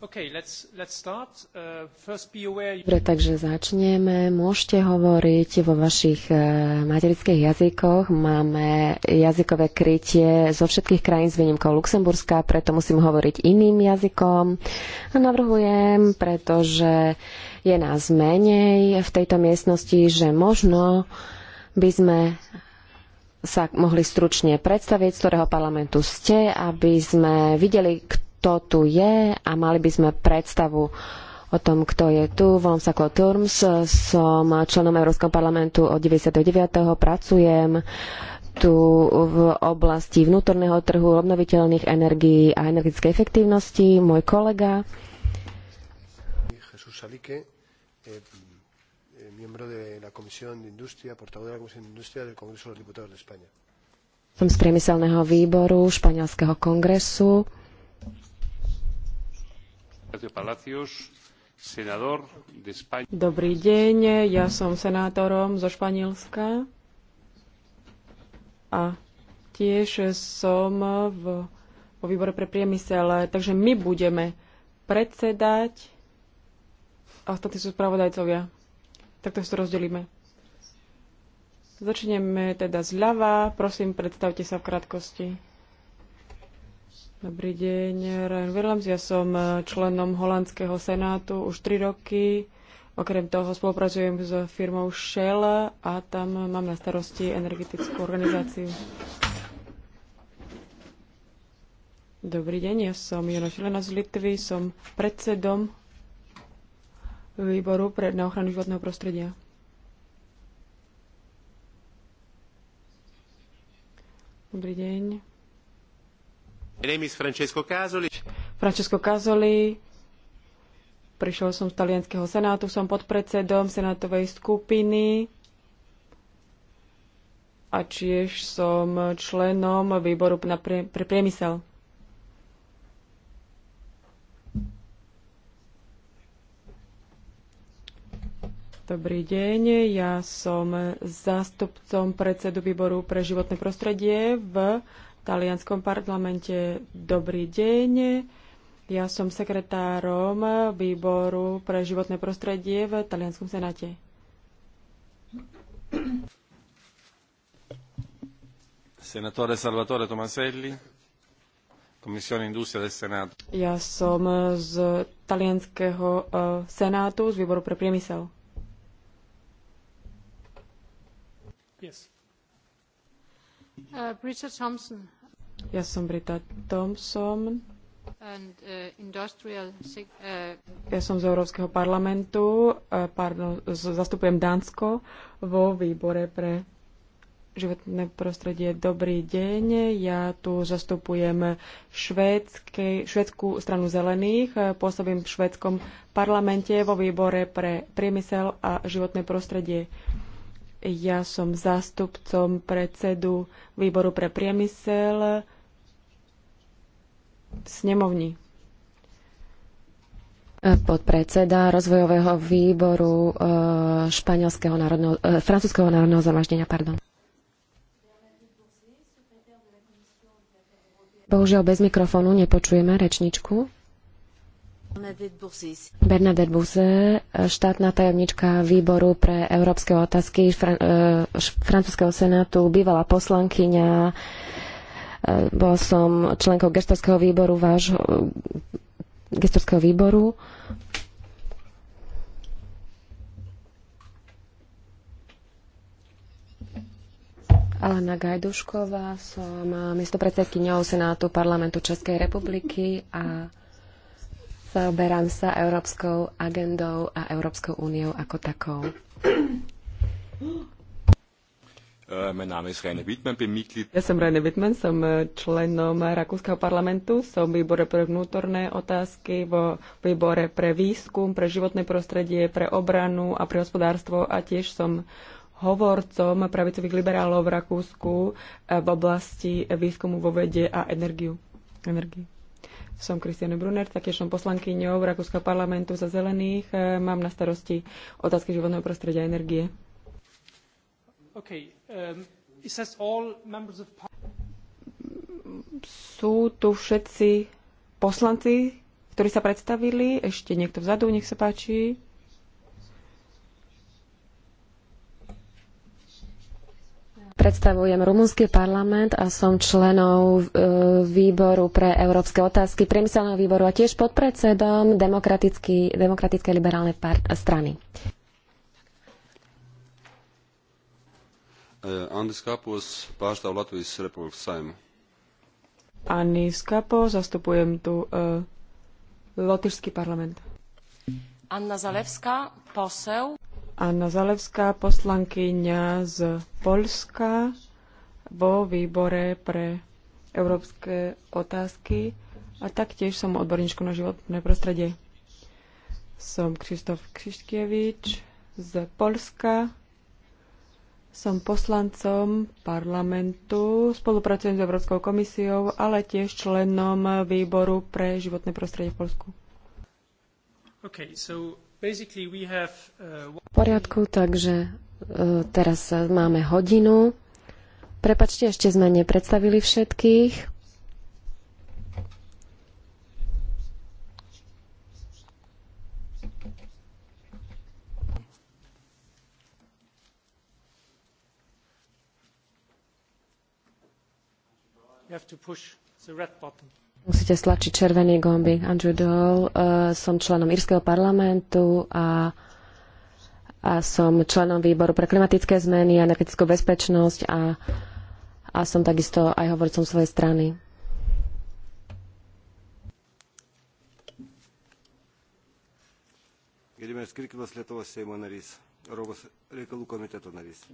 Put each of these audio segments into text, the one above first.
Uh, Dobre, takže začneme. Môžete hovoriť vo vašich uh, materických jazykoch. Máme jazykové krytie zo všetkých krajín s výnimkou Luxemburska, preto musím hovoriť iným jazykom. A navrhujem, pretože je nás menej v tejto miestnosti, že možno by sme sa mohli stručne predstaviť, z ktorého parlamentu ste, aby sme videli, kto kto tu je a mali by sme predstavu o tom, kto je tu. Volám sa Claude Turms, som členom Európskeho parlamentu od 99. Pracujem tu v oblasti vnútorného trhu, obnoviteľných energií a energetickej efektívnosti. Môj kolega eh, miembro de la Comisión de Industria, portavoz de la Comisión de Industria del Congreso de los Diputados de España. Som z priemyselného výboru Španielského kongresu Dobrý deň, ja som senátorom zo Španielska a tiež som v, vo výbore pre priemysel, takže my budeme predsedať a ostatní sú spravodajcovia. Takto si to rozdelíme. Začneme teda zľava. Prosím, predstavte sa v krátkosti. Dobrý deň, Ryan Verlams. Ja som e, členom holandského senátu už 3 roky. Okrem toho spolupracujem s firmou Shell a tam mám na starosti energetickú organizáciu. Dobrý deň, ja som Jona Šilena z Litvy, som predsedom výboru pre, na ochranu životného prostredia. Dobrý deň. Francesco Casoli. Francesco Casoli. Prišiel som z talianského senátu, som podpredsedom senátovej skupiny a tiež som členom výboru na pre priemysel. Dobrý deň, ja som zástupcom predsedu výboru pre životné prostredie v talianskom parlamente. Dobrý deň. Ja som sekretárom výboru pre životné prostredie v Talianskom senáte. Senatore Salvatore Tomaselli, Komisione Industria del Senato. Ja som z talianského eh, senátu, z výboru pre priemysel. Yes. Uh, ja som Brita Thompson. Uh, uh, ja som z Európskeho parlamentu, pardon, zastupujem Dánsko vo výbore pre životné prostredie. Dobrý deň, ja tu zastupujem švedskú stranu zelených, pôsobím v švédskom parlamente vo výbore pre priemysel a životné prostredie. Uh, ja som zástupcom predsedu výboru pre priemysel V snemovni. Podpredseda rozvojového výboru eh, španielského národného, eh, francúzského národného zamaždenia, pardon. Bohužiaľ bez mikrofónu nepočujeme rečničku. Bernadette Buse, štátna tajomnička výboru pre európske otázky Fran- e, francúzského senátu, bývalá poslankyňa. E, bola som členkou gestorského výboru vášho gestorského výboru. Alena Gajdušková, som miestopredsedkyňou Senátu parlamentu Českej republiky a Zaoberám sa Európskou agendou a Európskou úniou ako takou. Äh, ja som Rainer Wittmann, som äh, členom Rakúskeho parlamentu, som v výbore pre vnútorné otázky, vo výbore pre výskum, pre životné prostredie, pre obranu a pre hospodárstvo a tiež som hovorcom pravicových liberálov v Rakúsku äh, v oblasti výskumu vo vede a energiu. energii. Som Kristiana Brunner, taktiež som poslankyňou Rakúskeho parlamentu za zelených. E, mám na starosti otázky životného prostredia a energie. Okay. Um, of... Sú tu všetci poslanci, ktorí sa predstavili. Ešte niekto vzadu, nech sa páči. Predstavujem rumunský parlament a som členom e, výboru pre európske otázky, priemyselného výboru a tiež podpredsedom Demokratickej liberálnej strany. E, Andis Latvijas republikas zastupujem tu e, parlament. Anna Anna Zalevská, poslankyňa z Polska vo výbore pre európske otázky a taktiež som odborníčkou na životné prostredie. Som Krzysztof Krištkevič z Polska. Som poslancom parlamentu, spolupracujem s Európskou komisiou, ale tiež členom výboru pre životné prostredie v Polsku. Okay, so Uh, v poriadku, takže uh, teraz máme hodinu. Prepačte, ešte sme nepredstavili všetkých. You have to push the red button. Musíte stlačiť červený gombík. Andrew Dole, eh, som členom Írskeho parlamentu a, a som členom výboru pre klimatické zmeny a energetickú bezpečnosť a, a som takisto aj hovorcom svojej strany. Gerbiamas Kirkilas, Lietuvos Seimo narys, Europos reikalų komiteto narys.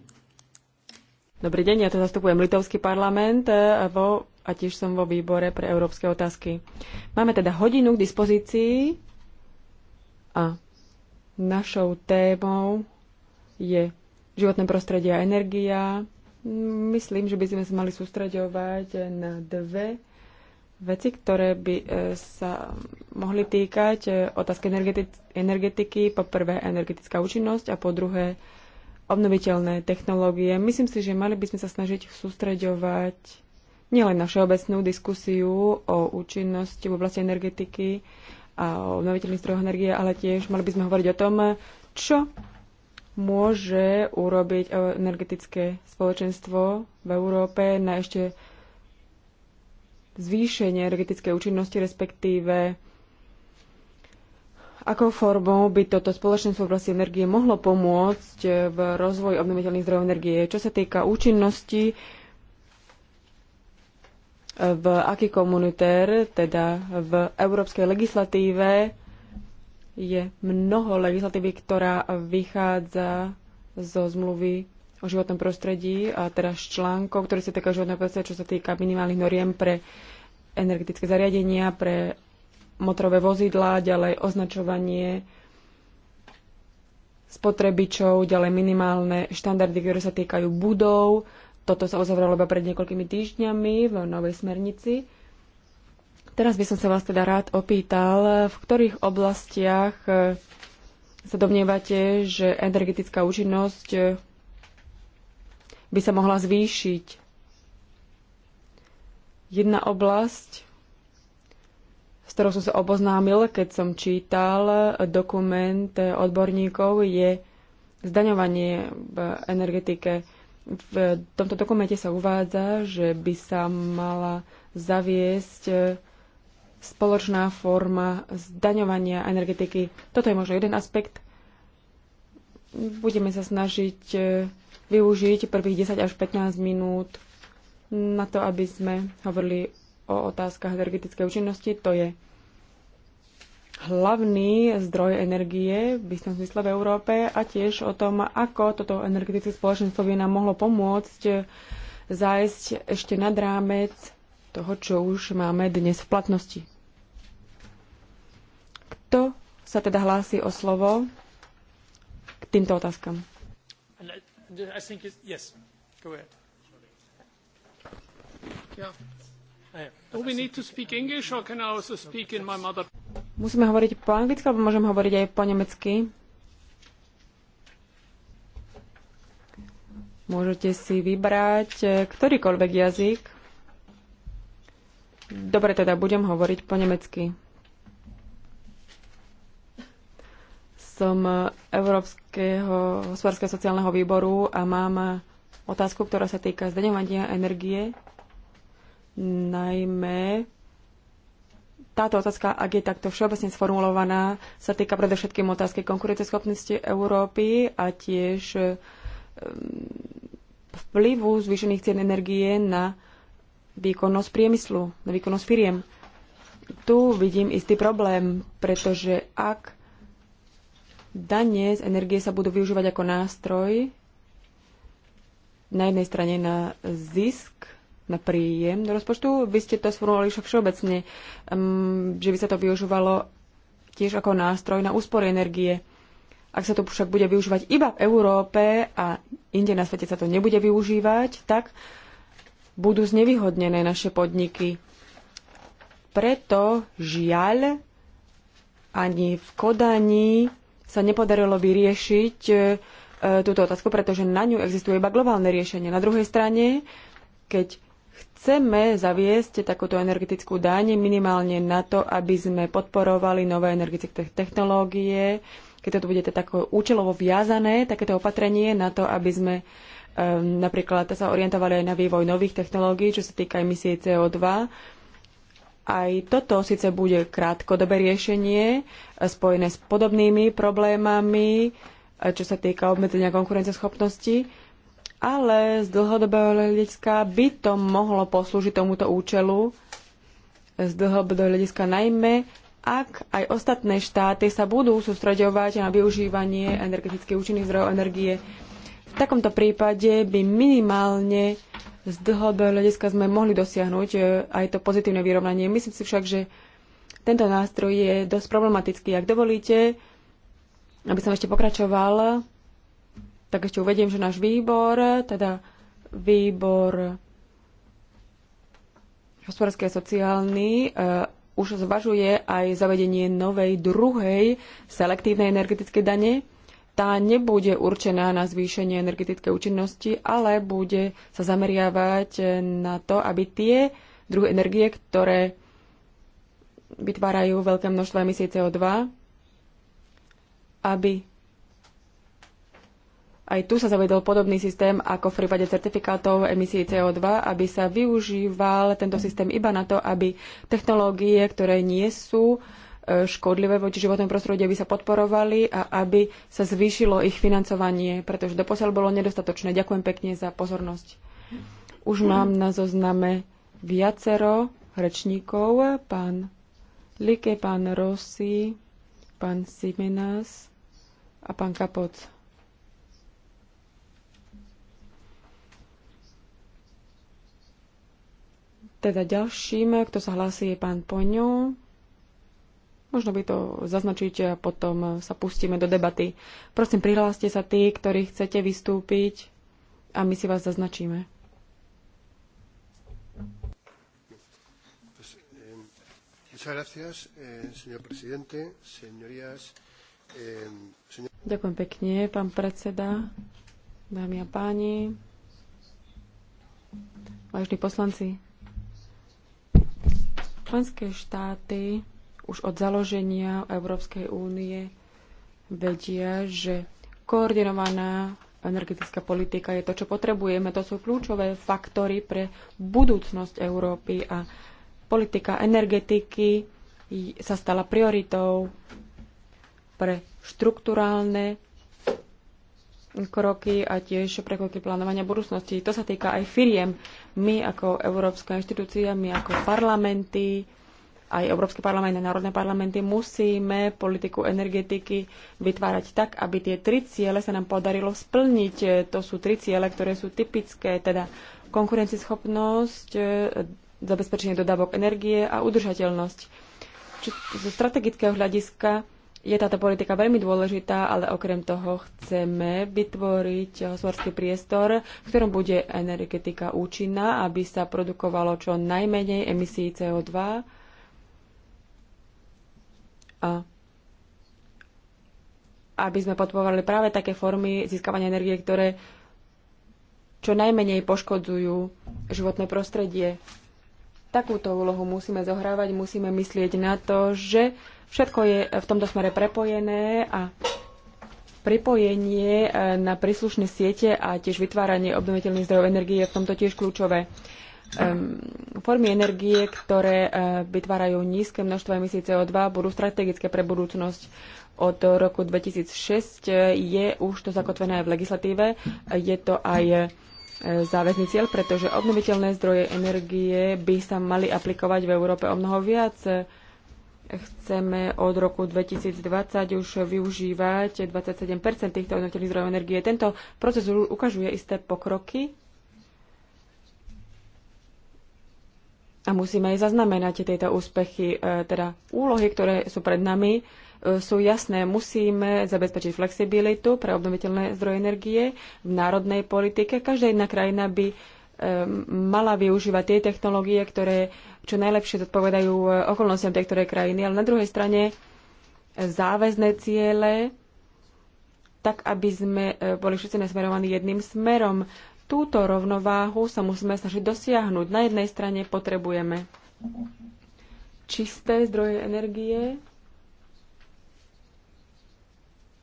Dobrý deň, ja tu zastupujem Litovský parlament eh, vo, a tiež som vo výbore pre európske otázky. Máme teda hodinu k dispozícii a našou témou je životné prostredie a energia. Myslím, že by sme sa mali sústreďovať na dve veci, ktoré by eh, sa mohli týkať eh, otázky energetiky. Po prvé, energetická účinnosť a po druhé, obnoviteľné technológie. Myslím si, že mali by sme sa snažiť sústreďovať nielen na všeobecnú diskusiu o účinnosti v oblasti energetiky a o obnoviteľných zdrojoch energie, ale tiež mali by sme hovoriť o tom, čo môže urobiť energetické spoločenstvo v Európe na ešte zvýšenie energetickej účinnosti, respektíve Akou formou by toto spoločenstvo v oblasti energie mohlo pomôcť eh, v rozvoji obnoviteľných zdrojov energie? Čo sa týka účinnosti, eh, v aký komunitér, teda v európskej legislatíve, je mnoho legislatívy, ktorá vychádza zo zmluvy o životnom prostredí a teda z článkov, ktoré sa týka životného prostredia, čo sa týka minimálnych noriem pre energetické zariadenia, pre motorové vozidlá, ďalej označovanie spotrebičov, ďalej minimálne štandardy, ktoré sa týkajú budov. Toto sa uzavrelo iba pred niekoľkými týždňami v novej smernici. Teraz by som sa vás teda rád opýtal, v ktorých oblastiach e, sa domnievate, že energetická účinnosť e, by sa mohla zvýšiť. Jedna oblasť, ktorou som sa oboznámil, keď som čítal dokument odborníkov, je zdaňovanie v energetike. V tomto dokumente sa uvádza, že by sa mala zaviesť spoločná forma zdaňovania energetiky. Toto je možno jeden aspekt. Budeme sa snažiť e, využiť prvých 10 až 15 minút na to, aby sme hovorili o otázkach energetickej účinnosti. To je hlavný zdroj energie v istom zmysle v Európe a tiež o tom, ako toto energetické spoločenstvo by nám mohlo pomôcť zájsť ešte nad rámec toho, čo už máme dnes v platnosti. Kto sa teda hlási o slovo k týmto otázkam? Do we need to speak English or can I also speak in my mother? Musíme hovoriť po anglicky, alebo môžem hovoriť aj po nemecky? Môžete si vybrať e, ktorýkoľvek jazyk. Dobre, teda budem hovoriť po nemecky. Som Európskeho hospodárskeho sociálneho výboru a mám otázku, ktorá sa týka zdaňovania energie, najmä táto otázka, ak je takto všeobecne sformulovaná, sa týka predovšetkým otázky konkurenceschopnosti Európy a tiež e, mm, vplyvu zvýšených cien energie na výkonnosť priemyslu, na výkonnosť firiem. Tu vidím istý problém, pretože ak dane z energie sa budú využívať ako nástroj, na jednej strane na zisk na príjem do rozpočtu. Vy ste to sformulovali však všeobecne, um, že by sa to využívalo tiež ako nástroj na úspory energie. Ak sa to však bude využívať iba v Európe a inde na svete sa to nebude využívať, tak budú znevýhodnené naše podniky. Preto žiaľ ani v Kodani sa nepodarilo vyriešiť e, e túto otázku, pretože na ňu existuje iba globálne riešenie. Na druhej strane, keď chceme zaviesť takúto energetickú dáň minimálne na to, aby sme podporovali nové energetické technológie, keď to bude teda účelovo viazané, takéto opatrenie na to, aby sme um, napríklad sa orientovali aj na vývoj nových technológií, čo sa týka emisie CO2. Aj toto síce bude krátkodobé riešenie eh, spojené s podobnými problémami, eh, čo sa týka obmedzenia konkurenceschopnosti, ale z dlhodobého hľadiska by to mohlo poslúžiť tomuto účelu, z dlhodobého hľadiska najmä, ak aj ostatné štáty sa budú sústreďovať na využívanie energeticky účinných zdrojov energie. V takomto prípade by minimálne z dlhodobého hľadiska sme mohli dosiahnuť e, aj to pozitívne vyrovnanie. Myslím si však, že tento nástroj je dosť problematický. Ak dovolíte, aby som ešte pokračoval, tak ešte uvediem, že náš výbor, teda výbor hospodársky a sociálny, uh, už zvažuje aj zavedenie novej druhej selektívnej energetickej dane. Tá nebude určená na zvýšenie energetickej účinnosti, ale bude sa zameriavať na to, aby tie druhy energie, ktoré vytvárajú veľké množstvo emisie CO2, aby aj tu sa zavedol podobný systém ako v prípade certifikátov emisí CO2, aby sa využíval tento systém iba na to, aby technológie, ktoré nie sú e, škodlivé voči životnému prostrediu, aby sa podporovali a aby sa zvýšilo ich financovanie, pretože doposiaľ bolo nedostatočné. Ďakujem pekne za pozornosť. Už mám na zozname viacero rečníkov. Pán Like, pán Rossi, pán Simenas a pán Kapoc. Teda ďalším, kto sa hlási, je pán Poňo. Možno by to zaznačíte a potom sa pustíme do debaty. Prosím, prihláste sa tí, ktorí chcete vystúpiť a my si vás zaznačíme. Eh, Ďakujem pekne, pán predseda, dámy a páni, vážni poslanci. Členské štáty už od založenia Európskej únie vedia, že koordinovaná energetická politika je to, čo potrebujeme. To sú kľúčové faktory pre budúcnosť Európy a politika energetiky sa stala prioritou pre štrukturálne kroky a tiež prekroky plánovania budúcnosti. To sa týka aj firiem. My ako Európska inštitúcia, my ako parlamenty, aj Európsky parlament a národné parlamenty musíme politiku energetiky vytvárať tak, aby tie tri ciele sa nám podarilo splniť. To sú tri ciele, ktoré sú typické, teda konkurencieschopnosť, e, zabezpečenie dodávok energie a udržateľnosť. Či, zo strategického hľadiska je táto politika veľmi dôležitá, ale okrem toho chceme vytvoriť hospodársky priestor, v ktorom bude energetika účinná, aby sa produkovalo čo najmenej emisí CO2 a aby sme podporovali práve také formy získavania energie, ktoré čo najmenej poškodzujú životné prostredie. Takúto úlohu musíme zohrávať, musíme myslieť na to, že všetko je v tomto smere prepojené a pripojenie e, na príslušné siete a tiež vytváranie obnoviteľných zdrojov energie je v tomto tiež kľúčové. Ehm, formy energie, ktoré e, vytvárajú nízke množstvo emisí CO2, budú strategické pre budúcnosť. Od roku 2006 e, je už to zakotvené aj v legislatíve. Je to aj E, záväzný cieľ, pretože obnoviteľné zdroje energie by sa mali aplikovať v Európe o mnoho viac. Chceme od roku 2020 už využívať 27 týchto obnoviteľných zdrojov energie. Tento proces ukazuje isté pokroky a musíme aj zaznamenať tieto úspechy, e, teda úlohy, ktoré sú pred nami sú jasné. Musíme zabezpečiť flexibilitu pre obnoviteľné zdroje energie v národnej politike. Každá jedna krajina by mala využívať tie technológie, ktoré čo najlepšie zodpovedajú e, okolnostiam tej ktorej krajiny, ale na druhej strane e, záväzné ciele, tak aby sme e, boli všetci nasmerovaní jedným smerom. Túto rovnováhu sa musíme snažiť dosiahnuť. Na jednej strane potrebujeme čisté zdroje energie,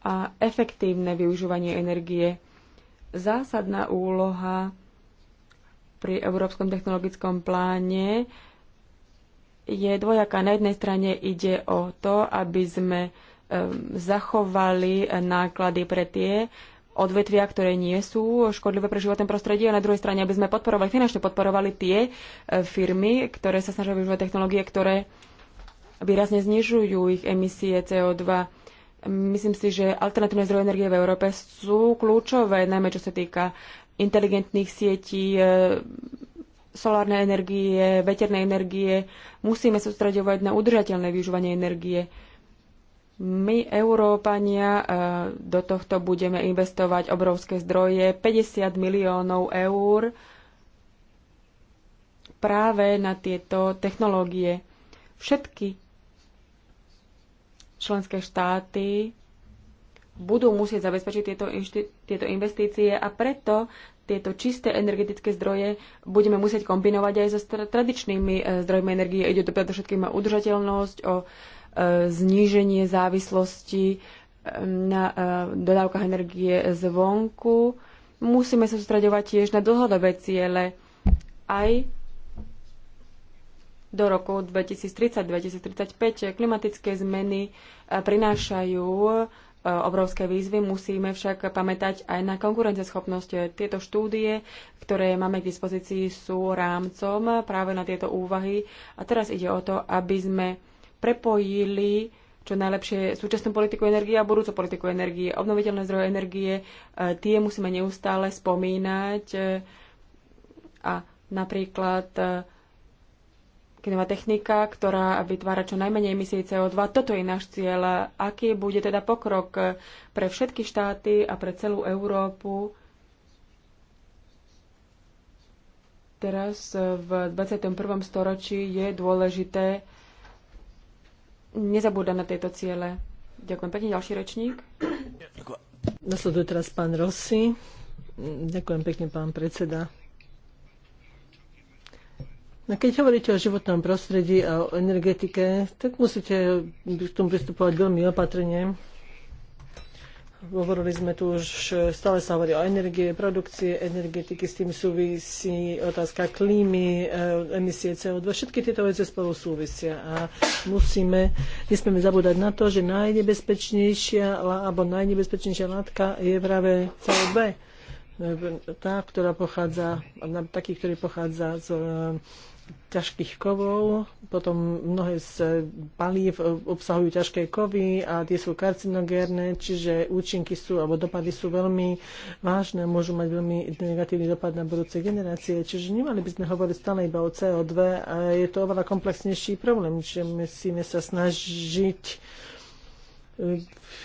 a efektívne využívanie energie. Zásadná úloha pri Európskom technologickom pláne je dvojaká. Na jednej strane ide o to, aby sme ehm, zachovali náklady pre tie odvetvia, ktoré nie sú škodlivé pre životné prostredie a na druhej strane, aby sme podporovali, finančne podporovali tie e, firmy, ktoré sa snažia využívať technológie, ktoré výrazne znižujú ich emisie CO2 Myslím si, že alternatívne zdroje energie v Európe sú kľúčové, najmä čo sa týka inteligentných sietí, e, solárnej energie, veternej energie. Musíme sústredovať na udržateľné využívanie energie. My, Európania, e, do tohto budeme investovať obrovské zdroje, 50 miliónov eur práve na tieto technológie. Všetky Členské štáty budú musieť zabezpečiť tieto, tieto investície a preto tieto čisté energetické zdroje budeme musieť kombinovať aj so tradičnými e, zdrojmi energie. Ide to predovšetkým o udržateľnosť, o e, zníženie závislosti e, na dodávkach energie zvonku. Musíme sa sústredovať tiež na dlhodobé ciele aj do roku 2030-2035. Klimatické zmeny e, prinášajú e, obrovské výzvy, musíme však pamätať aj na konkurenceschopnosť. Tieto štúdie, ktoré máme k dispozícii, sú rámcom práve na tieto úvahy a teraz ide o to, aby sme prepojili čo najlepšie súčasnú politiku energie a budúcu politiku energie. Obnoviteľné zdroje energie, e, tie musíme neustále spomínať a napríklad kinová technika, ktorá vytvára čo najmenej emisí CO2. Toto je náš cieľ. Aký bude teda pokrok pre všetky štáty a pre celú Európu teraz v 21. storočí je dôležité nezabúdať na tieto ciele. Ďakujem pekne. Ďalší rečník. Nasleduje teraz pán Rossi. Ďakujem pekne, pán predseda. No keď hovoríte o životnom prostredí a o energetike, tak musíte k tomu pristupovať veľmi opatrne. Hovorili sme tu už, stále sa hovorí o energie, produkcie, energetiky, s tým súvisí otázka klímy, e, emisie CO2, všetky tieto veci spolu súvisia. A musíme, nesmieme zabúdať na to, že najnebezpečnejšia, alebo najnebezpečnejšia látka je práve CO2. E, tá, ktorá pochádza, taký, ktorý pochádza z ťažkých kovov, potom mnohé z eh, palív eh, obsahujú ťažké kovy a tie sú karcinogérne, čiže účinky sú alebo dopady sú veľmi vážne, môžu mať veľmi negatívny dopad na budúce generácie, čiže nemali by sme hovoriť stále iba o CO2 a je to oveľa komplexnejší problém, čiže musíme sa snažiť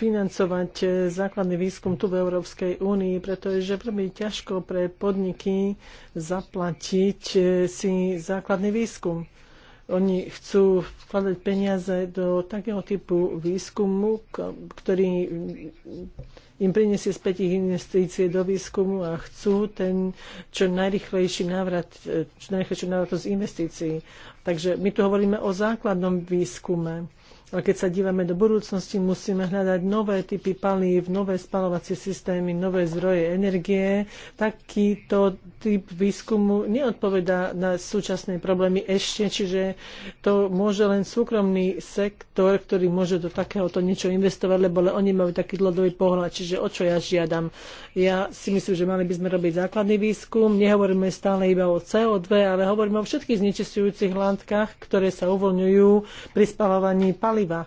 financovať eh, základný výskum tu v Európskej únii, pretože veľmi ťažko pre podniky zaplatiť eh, si základný výskum. Oni chcú vkladať peniaze do takého typu výskumu, ktorý im priniesie späť ich investície do výskumu a chcú ten čo najrychlejší návrat, eh, čo návrat z investícií. Takže my tu hovoríme o základnom výskume ale keď sa dívame do budúcnosti, musíme hľadať nové typy palív, nové spalovacie systémy, nové zdroje energie. Takýto typ výskumu neodpovedá na súčasné problémy ešte, čiže to môže len súkromný sektor, ktorý môže do takéhoto niečo investovať, lebo oni majú taký dlhodobý pohľad. Čiže o čo ja žiadam? Ja si myslím, že mali by sme robiť základný výskum. Nehovoríme stále iba o CO2, ale hovoríme o všetkých znečistujúcich látkach, ktoré sa uvoľňujú pri spalovaní palív paliva.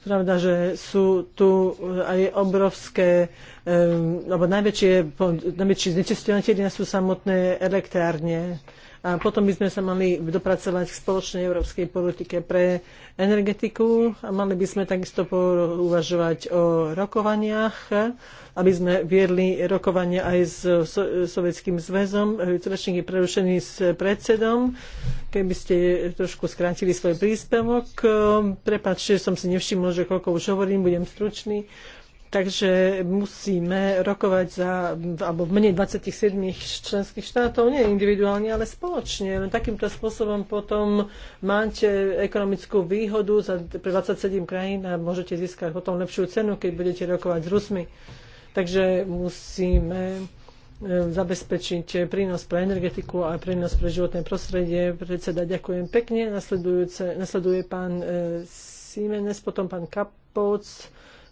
Pravda, že sú tu eh, aj obrovské, um, alebo najväčšie, najväčšie znečisťovateľia sú samotné elektrárne a potom by sme sa mali dopracovať k spoločnej európskej politike pre energetiku a mali by sme takisto uvažovať o rokovaniach, aby sme viedli rokovania aj s so- Sovjetským zväzom. Rečník je prerušený s predsedom. Keby ste trošku skrátili svoj príspevok. Prepačte, som si nevšimol, že koľko už hovorím, budem stručný. Takže musíme rokovať za, alebo v menej 27 členských štátov, nie individuálne, ale spoločne. Len takýmto spôsobom potom máte ekonomickú výhodu za, pre 27 krajín a môžete získať potom lepšiu cenu, keď budete rokovať s Rusmi. Takže musíme e, zabezpečiť prínos pre energetiku a prínos pre životné prostredie. Predseda, ďakujem pekne. Nasleduje pán e, potom pán Kapoc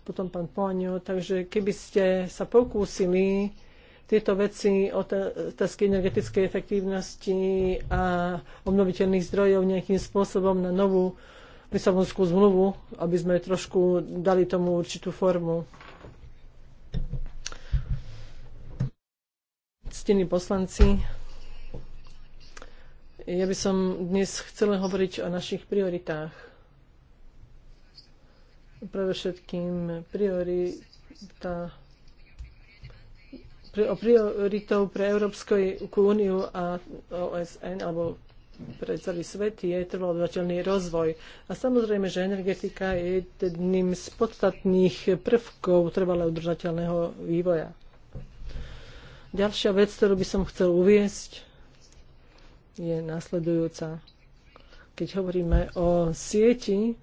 potom pán Poňo. Takže keby ste sa pokúsili tieto veci, otázky energetickej efektívnosti a obnoviteľných zdrojov nejakým spôsobom na novú Lisabonskú zmluvu, aby sme trošku dali tomu určitú formu. Ctení poslanci, ja by som dnes chcela hovoriť o našich prioritách predovšetkým priorita o prioritou pre Európsku úniu a OSN alebo pre celý svet je trvalodateľný rozvoj. A samozrejme, že energetika je jedným z podstatných prvkov trvalého vývoja. Ďalšia vec, ktorú by som chcel uviesť, je následujúca. Keď hovoríme o sieti,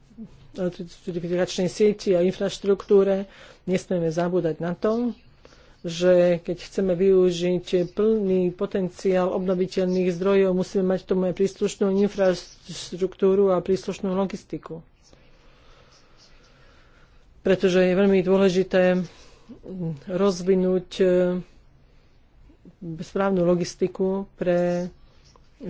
notifikačnej sieti a infraštruktúre, nesmieme zabúdať na to, že keď chceme využiť plný potenciál obnoviteľných zdrojov, musíme mať tomu aj príslušnú infraštruktúru a príslušnú logistiku. Pretože je veľmi dôležité rozvinúť eh, správnu logistiku pre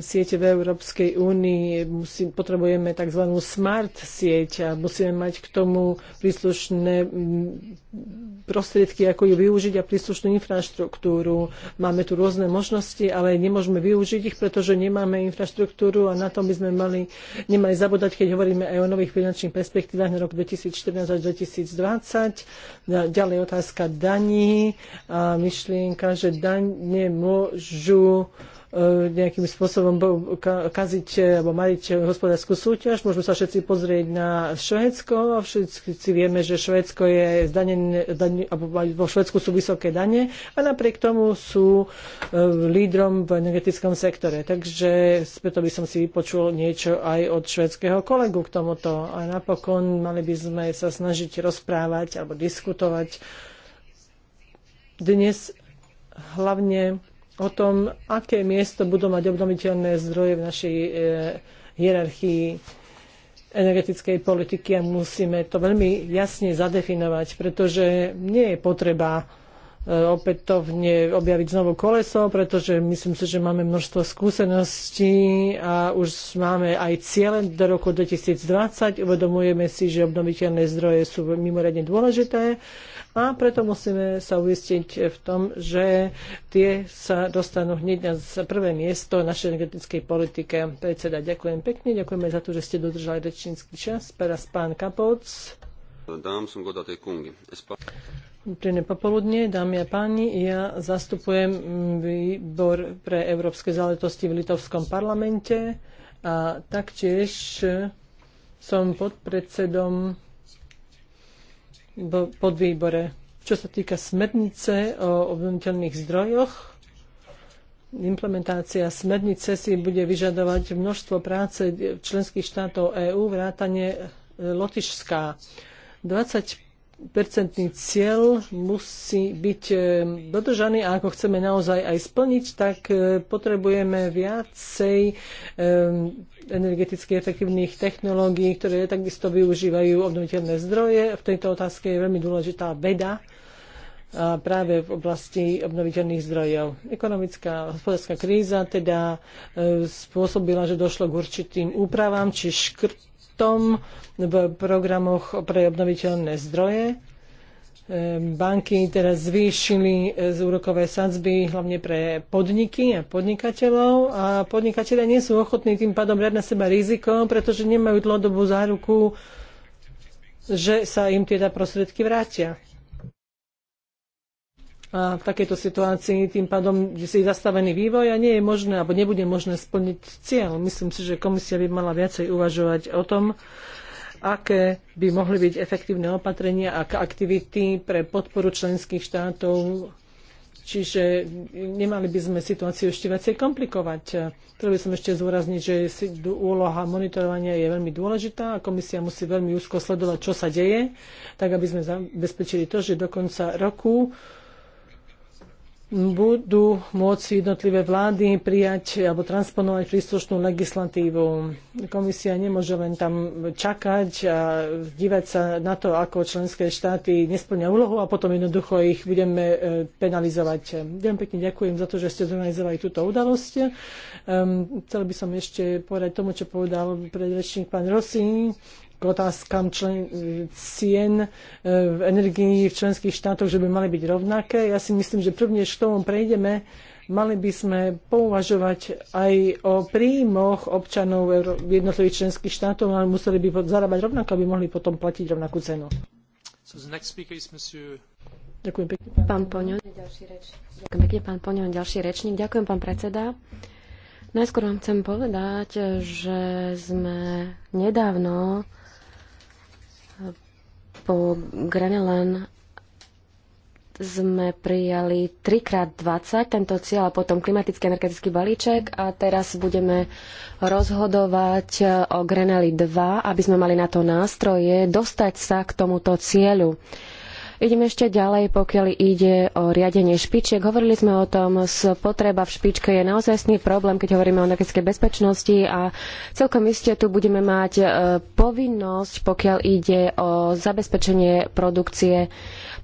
siete v Európskej únii, musí, potrebujeme tzv. smart sieť a musíme mať k tomu príslušné mm, prostriedky, ako ju využiť a príslušnú infraštruktúru. Máme tu rôzne možnosti, ale nemôžeme využiť ich, pretože nemáme infraštruktúru a na to by sme mali, nemali zabúdať, keď hovoríme aj o nových finančných perspektívach na rok 2014 až 2020. Ďalej otázka daní a myšlienka, že dane môžu E, nejakým spôsobom kaziť e, alebo mariť hospodárskú súťaž. Môžeme sa všetci pozrieť na Švédsko. Všetci vieme, že Švédsko je zdanené, alebo vo Švédsku sú vysoké dane a napriek tomu sú e, lídrom v energetickom sektore. Takže preto by som si vypočul niečo aj od švédskeho kolegu k tomuto. A napokon mali by sme sa snažiť rozprávať alebo diskutovať dnes hlavne o tom, aké miesto budú mať obnoviteľné zdroje v našej e, hierarchii energetickej politiky a musíme to veľmi jasne zadefinovať, pretože nie je potreba e, opätovne objaviť znovu koleso, pretože myslím si, že máme množstvo skúseností a už máme aj ciele do roku 2020. Uvedomujeme si, že obnoviteľné zdroje sú mimoriadne dôležité a preto musíme sa uistiť v tom, že tie sa dostanú hneď na prvé miesto našej energetickej politike. Predseda, ďakujem pekne, ďakujeme za to, že ste dodržali rečnícky čas. Teraz pán Kapoc. Príjemné popoludne, dámy a páni. Ja zastupujem výbor pre európske záležitosti v Litovskom parlamente a taktiež som podpredsedom podvýbore. Čo sa týka smernice o obnoviteľných zdrojoch, implementácia smernice si bude vyžadovať množstvo práce členských štátov EÚ, vrátane Lotyšská. 25 percentný cieľ musí byť eh, dodržaný a ako chceme naozaj aj splniť, tak eh, potrebujeme viacej eh, energeticky efektívnych technológií, ktoré takisto využívajú obnoviteľné zdroje. V tejto otázke je veľmi dôležitá veda práve v oblasti obnoviteľných zdrojov. Ekonomická hospodárska kríza teda spôsobila, že došlo k určitým úpravám či škrtom tom v programoch pre obnoviteľné zdroje. Ehm, banky teraz zvýšili e, z úrokové sadzby hlavne pre podniky a podnikateľov a podnikatelia nie sú ochotní tým pádom brať na seba riziko, pretože nemajú dlhodobú záruku, že sa im teda prostriedky vrátia v takejto situácii tým pádom že si zastavený vývoj a nie je možné, alebo nebude možné splniť cieľ. Myslím si, že komisia by mala viacej uvažovať o tom, aké by mohli byť efektívne opatrenia a aktivity pre podporu členských štátov. Čiže nemali by sme situáciu ešte viacej komplikovať. Treba by som ešte zúrazniť, že úloha monitorovania je veľmi dôležitá a komisia musí veľmi úzko sledovať, čo sa deje, tak aby sme zabezpečili to, že do konca roku budú môcť jednotlivé vlády prijať alebo transponovať príslušnú legislatívu. Komisia nemôže len tam čakať a dívať sa na to, ako členské štáty nesplňa úlohu a potom jednoducho ich budeme e, penalizovať. Veľmi pekne ďakujem za to, že ste zorganizovali túto udalosť. Um, chcel by som ešte povedať tomu, čo povedal predrečník pán Rosín k otázkam člen, cien e, v energii v členských štátoch, že by mali byť rovnaké. Ja si myslím, že prvne, k tomu prejdeme, mali by sme pouvažovať aj o príjmoch občanov jednotlivých členských štátov, ale museli by zarábať rovnako, aby mohli potom platiť rovnakú cenu. So Ďakujem pekne. Pán Poňon, Ďakujem pekne, pán Poňon, ďalší rečník. Ďakujem, pán predseda. Najskôr vám chcem povedať, že sme nedávno po Grenelan sme prijali 3x20 tento cieľ a potom klimatický energetický balíček a teraz budeme rozhodovať o Greneli 2, aby sme mali na to nástroje dostať sa k tomuto cieľu. Uh, Ideme ešte ďalej, pokiaľ ide o riadenie špičiek. Hovorili sme o tom, potreba v špičke je naozajstný problém, keď hovoríme o energetickej bezpečnosti a celkom iste tu budeme mať e, povinnosť, pokiaľ ide o zabezpečenie produkcie.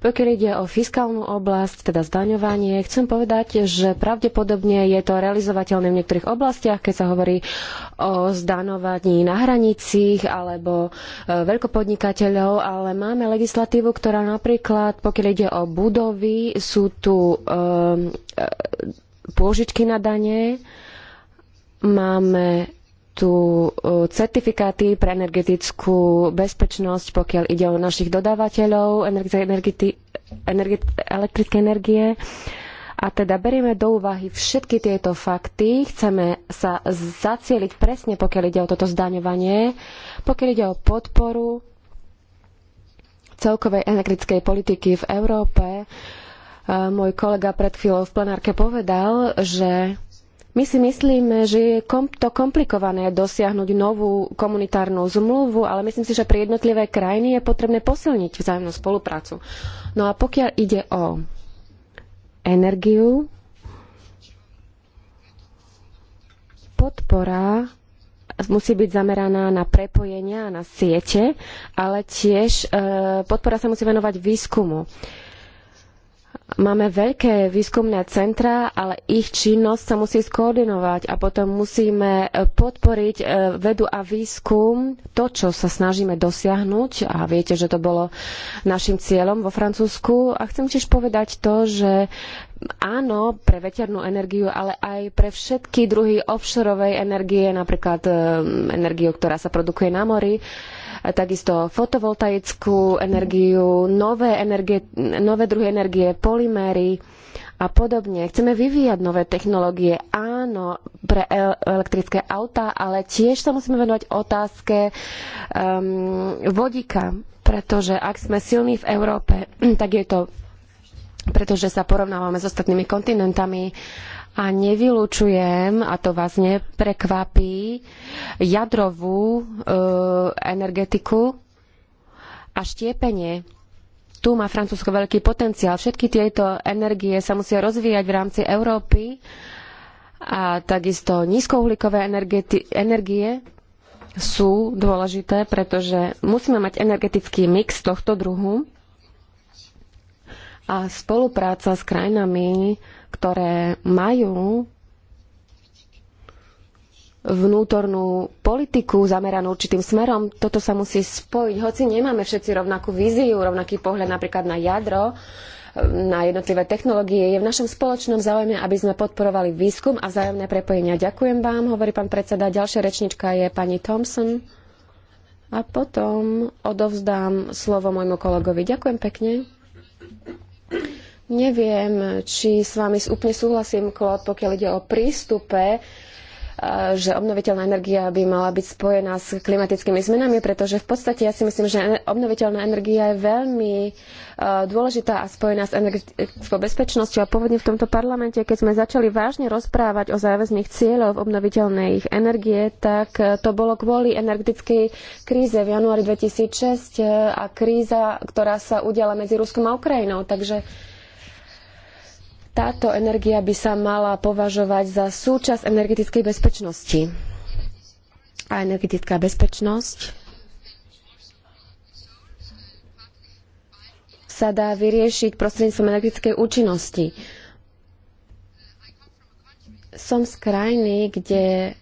Pokiaľ ide o fiskálnu oblasť, teda zdaňovanie, chcem povedať, že pravdepodobne je to realizovateľné v niektorých oblastiach, keď sa hovorí o zdanovaní na hranicích alebo e, veľkopodnikateľov, ale máme legislatívu, ktorá napríklad Napríklad, pokiaľ ide o budovy, sú tu ehm, e, pôžičky na dane, máme tu e, certifikáty pre energetickú bezpečnosť, pokiaľ ide o našich dodávateľov energetické energi elektrické energie. A teda berieme do úvahy všetky tieto fakty, chceme sa zacieliť presne, pokiaľ ide o toto zdaňovanie, pokiaľ ide o podporu celkovej energetickej politiky v Európe, e, môj kolega pred chvíľou v plenárke povedal, že my si myslíme, že je to komplikované dosiahnuť novú komunitárnu zmluvu, ale myslím si, že pre jednotlivé krajiny je potrebné posilniť vzájomnú spoluprácu. No a pokiaľ ide o energiu, podpora musí byť zameraná na prepojenia, na siete, ale tiež e, podpora sa musí venovať výskumu. Máme veľké výskumné centra, ale ich činnosť sa musí skoordinovať a potom musíme e, podporiť e, vedu a výskum, to, čo sa snažíme dosiahnuť a viete, že to bolo našim cieľom vo Francúzsku. A chcem tiež povedať to, že áno pre veternú energiu, ale aj pre všetky druhy offshoreovej energie, napríklad e, energiu, ktorá sa produkuje na mori, takisto fotovoltaickú energiu, nové, energie, nové druhy energie, polyméry a podobne. Chceme vyvíjať nové technológie, áno, pre elektrické autá, ale tiež sa musíme venovať otázke um, vodíka, pretože ak sme silní v Európe, tak je to pretože sa porovnávame s ostatnými kontinentami a nevylučujem, a to vás neprekvapí, jadrovú e, energetiku a štiepenie. Tu má Francúzsko veľký potenciál. Všetky tieto energie sa musia rozvíjať v rámci Európy a takisto nízkouhlíkové energie sú dôležité, pretože musíme mať energetický mix tohto druhu a spolupráca s krajinami, ktoré majú vnútornú politiku zameranú určitým smerom, toto sa musí spojiť. Hoci nemáme všetci rovnakú víziu, rovnaký pohľad napríklad na jadro, na jednotlivé technológie, je v našom spoločnom záujme, aby sme podporovali výskum a vzájomné prepojenia. Ďakujem vám, hovorí pán predseda. Ďalšia rečnička je pani Thompson. A potom odovzdám slovo môjmu kolegovi. Ďakujem pekne. Neviem, či s vami úplne súhlasím, Klod, pokiaľ ide o prístupe, e, že obnoviteľná energia by mala byť spojená s klimatickými zmenami, pretože v podstate ja si myslím, že obnoviteľná energia je veľmi e, dôležitá a spojená s energetickou bezpečnosťou. A pôvodne v tomto parlamente, keď sme začali vážne rozprávať o záväzných cieľoch obnoviteľnej energie, tak e, to bolo kvôli energetickej kríze v januári 2006 a kríza, ktorá sa udiala medzi Ruskom a Ukrajinou. Takže táto energia by sa mala považovať za súčasť energetickej bezpečnosti. A energetická bezpečnosť sa dá vyriešiť prostredníctvom energetickej účinnosti. Som z krajiny, kde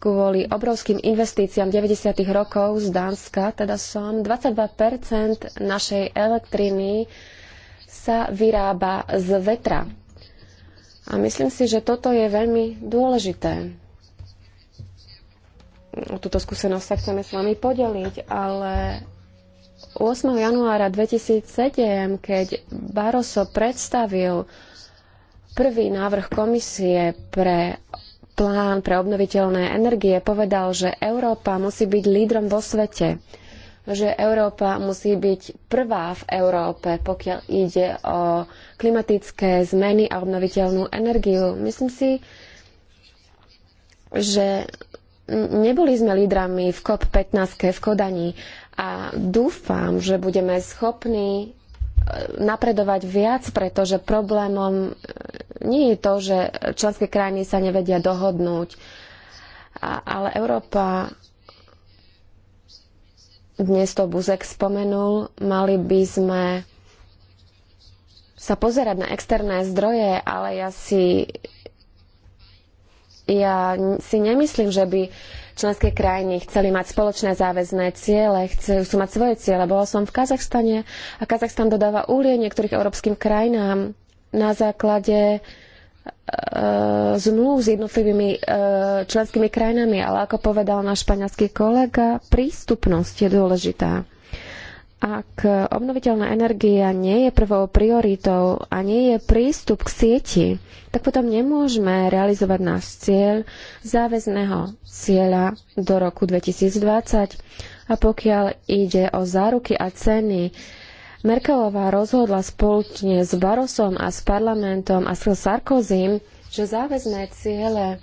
kvôli obrovským investíciám 90. rokov z Dánska, teda som 22 našej elektriny sa vyrába z vetra. A myslím si, že toto je veľmi dôležité. O túto skúsenosť sa chceme s vami podeliť, ale 8. januára 2007, keď Barroso predstavil prvý návrh komisie pre plán pre obnoviteľné energie, povedal, že Európa musí byť lídrom vo svete že Európa musí byť prvá v Európe, pokiaľ ide o klimatické zmeny a obnoviteľnú energiu. Myslím si, že neboli sme lídrami v COP15 v Kodani a dúfam, že budeme schopní e, napredovať viac, pretože problémom e, nie je to, že členské krajiny sa nevedia dohodnúť, ale Európa dnes to Buzek spomenul, mali by sme sa pozerať na externé zdroje, ale ja si ja si nemyslím, že by členské krajiny chceli mať spoločné záväzné ciele, chcú, sú mať svoje ciele. Bola som v Kazachstane a Kazachstan dodáva úlie niektorých európskym krajinám na základe uh, E, zmluv s jednotlivými e, členskými krajinami, ale ako povedal náš španielský kolega, prístupnosť je dôležitá. Ak obnoviteľná energia nie je prvou prioritou a nie je prístup k sieti, tak potom nemôžeme realizovať náš cieľ záväzného cieľa do roku 2020. A pokiaľ ide o záruky a ceny, Merkelová rozhodla spoločne s Barosom a s parlamentom a s Sarkozym, že záväzné ciele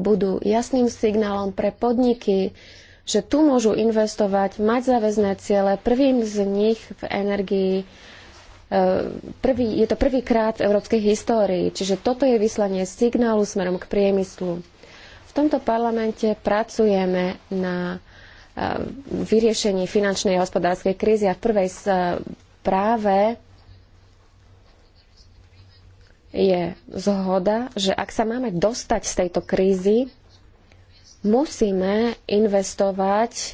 budú jasným signálom pre podniky, že tu môžu investovať, mať záväzné ciele. Prvým z nich v energii e, Prvý, je to prvýkrát v európskej histórii, čiže toto je vyslanie signálu smerom k priemyslu. V tomto parlamente pracujeme na vyriešení finančnej a hospodárskej krízy a v prvej eh, práve je zhoda, že ak sa máme dostať z tejto krízy, musíme investovať eh,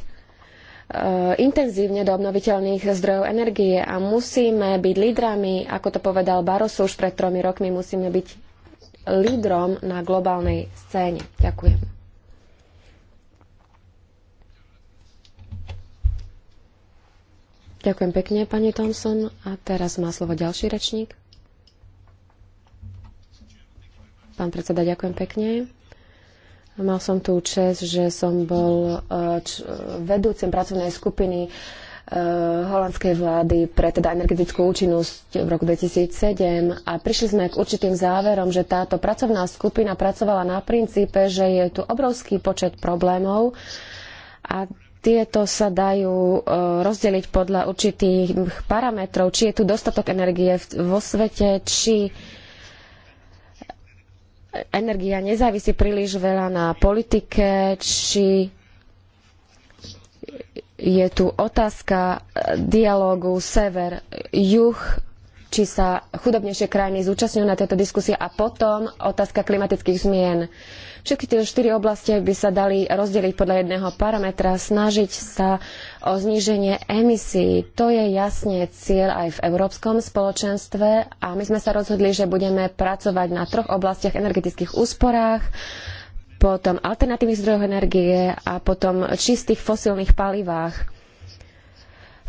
intenzívne do obnoviteľných zdrojov energie a musíme byť lídrami, ako to povedal Barroso už pred tromi rokmi, musíme byť lídrom na globálnej scéne. Ďakujem. Ďakujem pekne, pani Thompson. A teraz má slovo ďalší rečník. Pán predseda, ďakujem pekne. Mal som tú čest, že som bol e, vedúcim pracovnej skupiny e, holandskej vlády pre teda energetickú účinnosť v roku 2007 a prišli sme k určitým záverom, že táto pracovná skupina pracovala na princípe, že je tu obrovský počet problémov a tieto sa dajú e, rozdeliť podľa určitých parametrov, či je tu dostatok energie vo svete, či energia nezávisí príliš veľa na politike, či je tu otázka e, dialógu sever-juh, či sa chudobnejšie krajiny zúčastňujú na tejto diskusie a potom otázka klimatických zmien. Uh, Všetky tie štyri oblasti by sa dali rozdeliť podľa jedného parametra, snažiť sa o zníženie emisí. To je jasne cieľ aj v Európskom spoločenstve a my sme sa rozhodli, že budeme pracovať na troch oblastiach energetických úsporách, potom alternatívnych zdrojov energie a potom čistých fosílnych palivách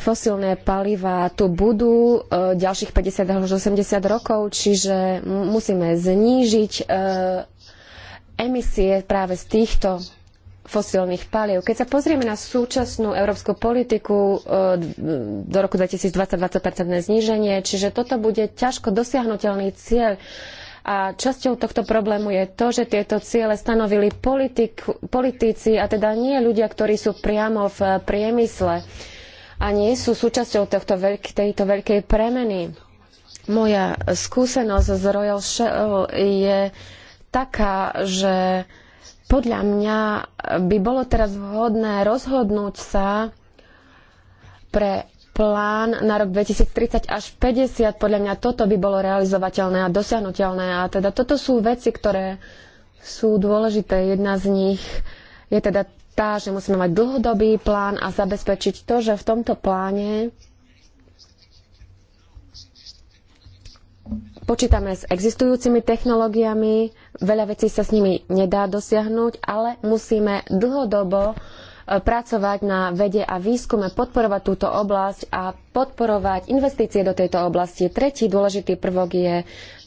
fosílne palivá tu budú e, ďalších 50 až 80 rokov, čiže musíme znížiť e, emisie práve z týchto fosílnych palív. Keď sa pozrieme na súčasnú európsku politiku e, do roku 2020 20% zníženie, čiže toto bude ťažko dosiahnutelný cieľ. A časťou tohto problému je to, že tieto ciele stanovili politik, politici a teda nie ľudia, ktorí sú priamo v priemysle a nie sú súčasťou tohto veľk, tejto veľkej premeny. Moja skúsenosť z Royal Shell je taká, že podľa mňa by bolo teraz vhodné rozhodnúť sa pre plán na rok 2030 až 50. Podľa mňa toto by bolo realizovateľné a dosiahnuteľné. A teda toto sú veci, ktoré sú dôležité. Jedna z nich je teda tá, že musíme mať dlhodobý plán a zabezpečiť to, že v tomto pláne Počítame s existujúcimi technológiami, veľa vecí sa s nimi nedá dosiahnuť, ale musíme dlhodobo e, pracovať na vede a výskume, podporovať túto oblasť a podporovať investície do tejto oblasti. Tretí dôležitý prvok je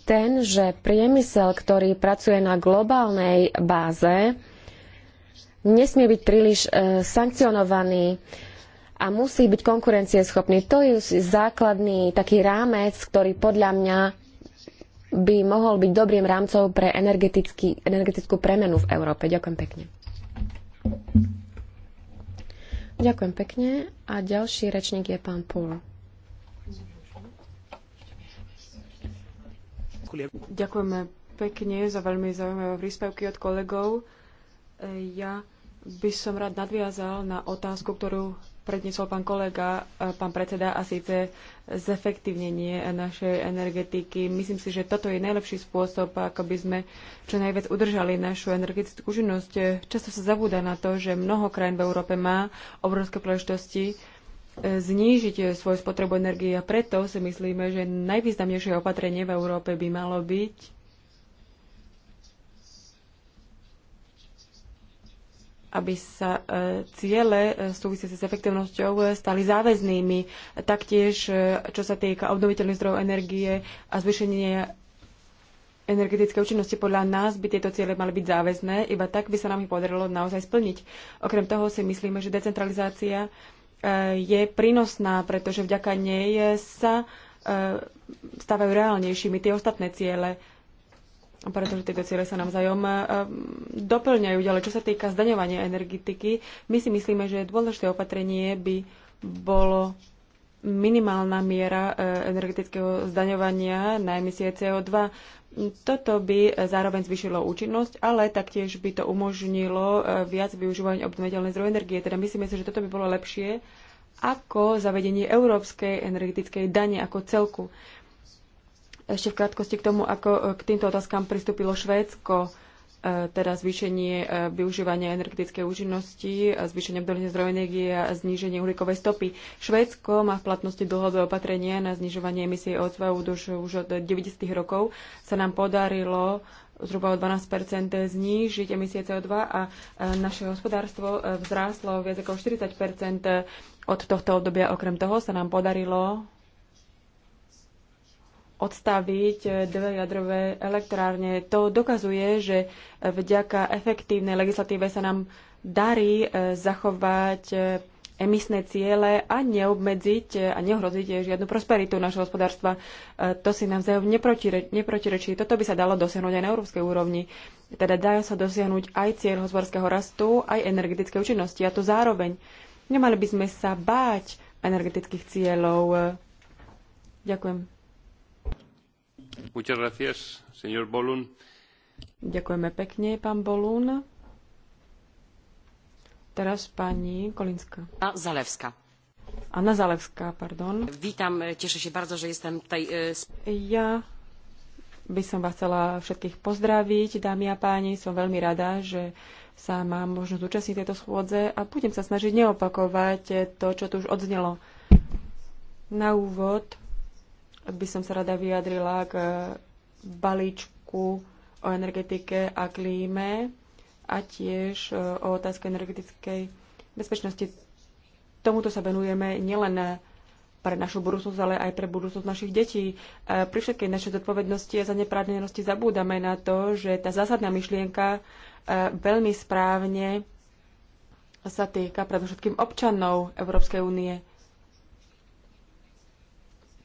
ten, že priemysel, ktorý pracuje na globálnej báze, nesmie byť príliš e, sankcionovaný a musí byť konkurencieschopný. To je základný taký rámec, ktorý podľa mňa by mohol byť dobrým rámcom pre energetickú premenu v Európe. Ďakujem pekne. Ďakujem pekne. A ďalší rečník je pán Púl. Ďakujeme pekne za veľmi zaujímavé príspevky od kolegov. Ja by som rád nadviazal na otázku, ktorú predniesol pán kolega, eh, pán predseda, a síce zefektívnenie našej energetiky. Myslím si, že toto je najlepší spôsob, ako by sme čo najviac udržali našu energetickú činnosť. Často sa zabúda na to, že mnoho krajín v Európe má obrovské príležitosti eh, znížiť svoju spotrebu energie a preto si myslíme, že najvýznamnejšie opatrenie v Európe by malo byť aby sa e, ciele e, súvisiace s efektivnosťou e, stali záväznými. Taktiež, čo sa týka obnoviteľných zdrojov energie a zvýšenie energetické účinnosti podľa nás by tieto ciele mali byť záväzné, iba tak by sa nám ich podarilo naozaj splniť. Okrem toho si myslíme, že decentralizácia je prínosná, pretože vďaka nej sa stávajú reálnejšími tie ostatné ciele pretože tieto ciele sa navzájom e, doplňajú. Ďalej, čo sa týka zdaňovania energetiky, my si myslíme, že dôležité opatrenie by bolo minimálna miera e, energetického zdaňovania na emisie CO2. Toto by zároveň zvyšilo účinnosť, ale taktiež by to umožnilo e, viac využívania obnoviteľnej zdroje energie. Teda myslíme si, že toto by bolo lepšie ako zavedenie európskej energetickej dane ako celku. Ešte v krátkosti k tomu, ako e, k týmto otázkam pristúpilo Švédsko, e, teda zvýšenie e, využívania energetickej účinnosti, zvýšenie obdobne zdrojov energie a zníženie uhlíkovej stopy. Švédsko má v platnosti dlhodobé opatrenie na znižovanie emisie o už, už od 90. rokov. Sa nám podarilo zhruba o 12 znížiť emisie CO2 a naše hospodárstvo vzrástlo viac ako 40 od tohto obdobia. Okrem toho sa nám podarilo odstaviť eh, dve jadrové elektrárne. To dokazuje, že eh, vďaka efektívnej legislatíve sa nám darí eh, zachovať emisné ciele a neobmedziť a neohroziť žiadnu prosperitu našho hospodárstva. To si navzájom neprotirečí. Toto by sa dalo dosiahnuť aj na európskej úrovni. Teda dá sa dosiahnuť aj cieľ hospodárskeho rastu, aj energetické účinnosti. A to zároveň. Nemali by sme sa báť energetických cieľov. Ďakujem. Ďakujeme pekne, pán Bolún. Teraz pani Kolinská. A Zalewska. Anna Zalewska, pardon. Vítam, teším sa bardzo, že jestem tutaj. E, ja by som vás chcela všetkých pozdraviť, dámy a páni. Som veľmi rada, že sa mám možnosť zúčastniť tejto schôdze a budem sa snažiť neopakovať to, čo tu už odznelo. Na úvod by som sa rada vyjadrila k eh, balíčku o energetike a klíme a tiež eh, o otázke energetickej bezpečnosti. Tomuto sa venujeme nielen eh, pre našu budúcnosť, ale aj pre budúcnosť našich detí. Pri všetkej našej zodpovednosti a zaneprávnenosti zabúdame na to, že tá zásadná myšlienka veľmi správne sa týka predovšetkým občanov Európskej únie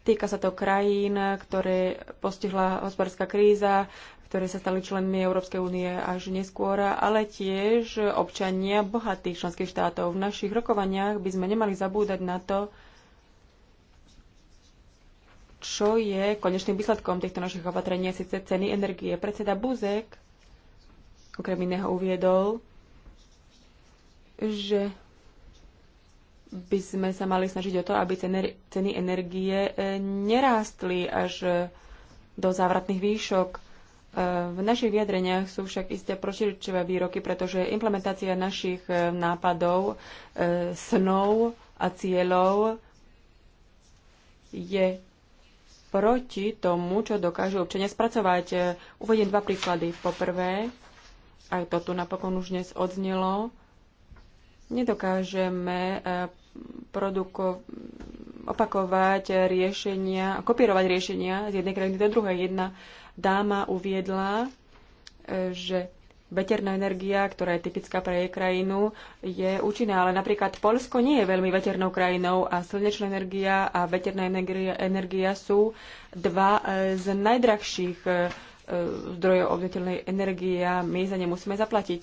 Týka sa to krajín, ktoré postihla hospodárska kríza, ktoré sa stali členmi Európskej únie až neskôr, ale tiež občania bohatých členských štátov. V našich rokovaniach by sme nemali zabúdať na to, čo je konečným výsledkom týchto našich opatrení, a síce ceny energie. Predseda Buzek okrem iného uviedol, že by sme sa mali snažiť o to, aby ceny energie e, nerástli až e, do závratných výšok. E, v našich vyjadreniach sú však isté proširčivé výroky, pretože implementácia našich nápadov, snov a cieľov je proti tomu, čo dokážu občania spracovať. Uvediem dva príklady. Poprvé, aj to tu napokon už dnes odznelo, nedokážeme opakovať riešenia, kopírovať riešenia z jednej krajiny do druhej. Jedna dáma uviedla, e, že veterná energia, ktorá je typická pre jej krajinu, je účinná, ale napríklad Polsko nie je veľmi veternou krajinou a slnečná energia a veterná energia, energia sú dva e, z najdrahších e, zdrojov obnoviteľnej energie a my za ne musíme zaplatiť.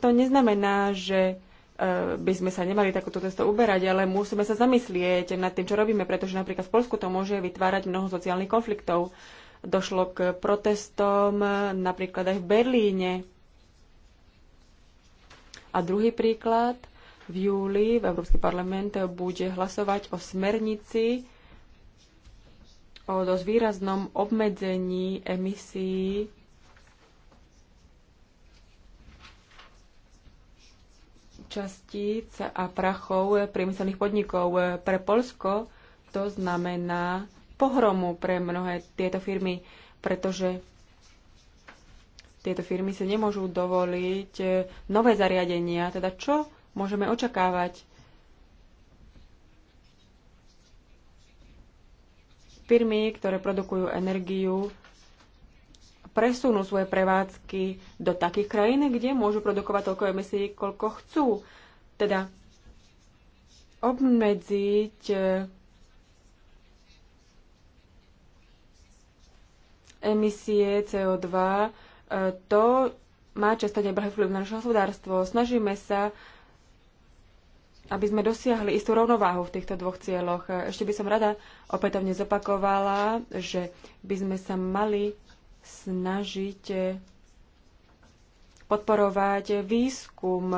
To neznamená, že Eh, by sme sa nemali takúto cesto uberať, ale musíme sa zamyslieť nad tým, čo robíme, pretože napríklad v Polsku to môže vytvárať mnoho sociálnych konfliktov. Došlo k protestom napríklad aj v Berlíne. A druhý príklad, v júli v Európsky parlament bude hlasovať o smernici o dosť výraznom obmedzení emisí častíc a prachov priemyselných podnikov. Pre Polsko to znamená pohromu pre mnohé tieto firmy, pretože tieto firmy si nemôžu dovoliť nové zariadenia. Teda čo môžeme očakávať? Firmy, ktoré produkujú energiu, presunú svoje prevádzky do takých krajín, kde môžu produkovať toľko emisí, koľko chcú. Teda obmedziť e, emisie CO2, e, to má často nebrahý vplyv na naše hospodárstvo. Snažíme sa, aby sme dosiahli istú rovnováhu v týchto dvoch cieľoch. E, ešte by som rada opätovne zopakovala, že by sme sa mali snažiť podporovať výskum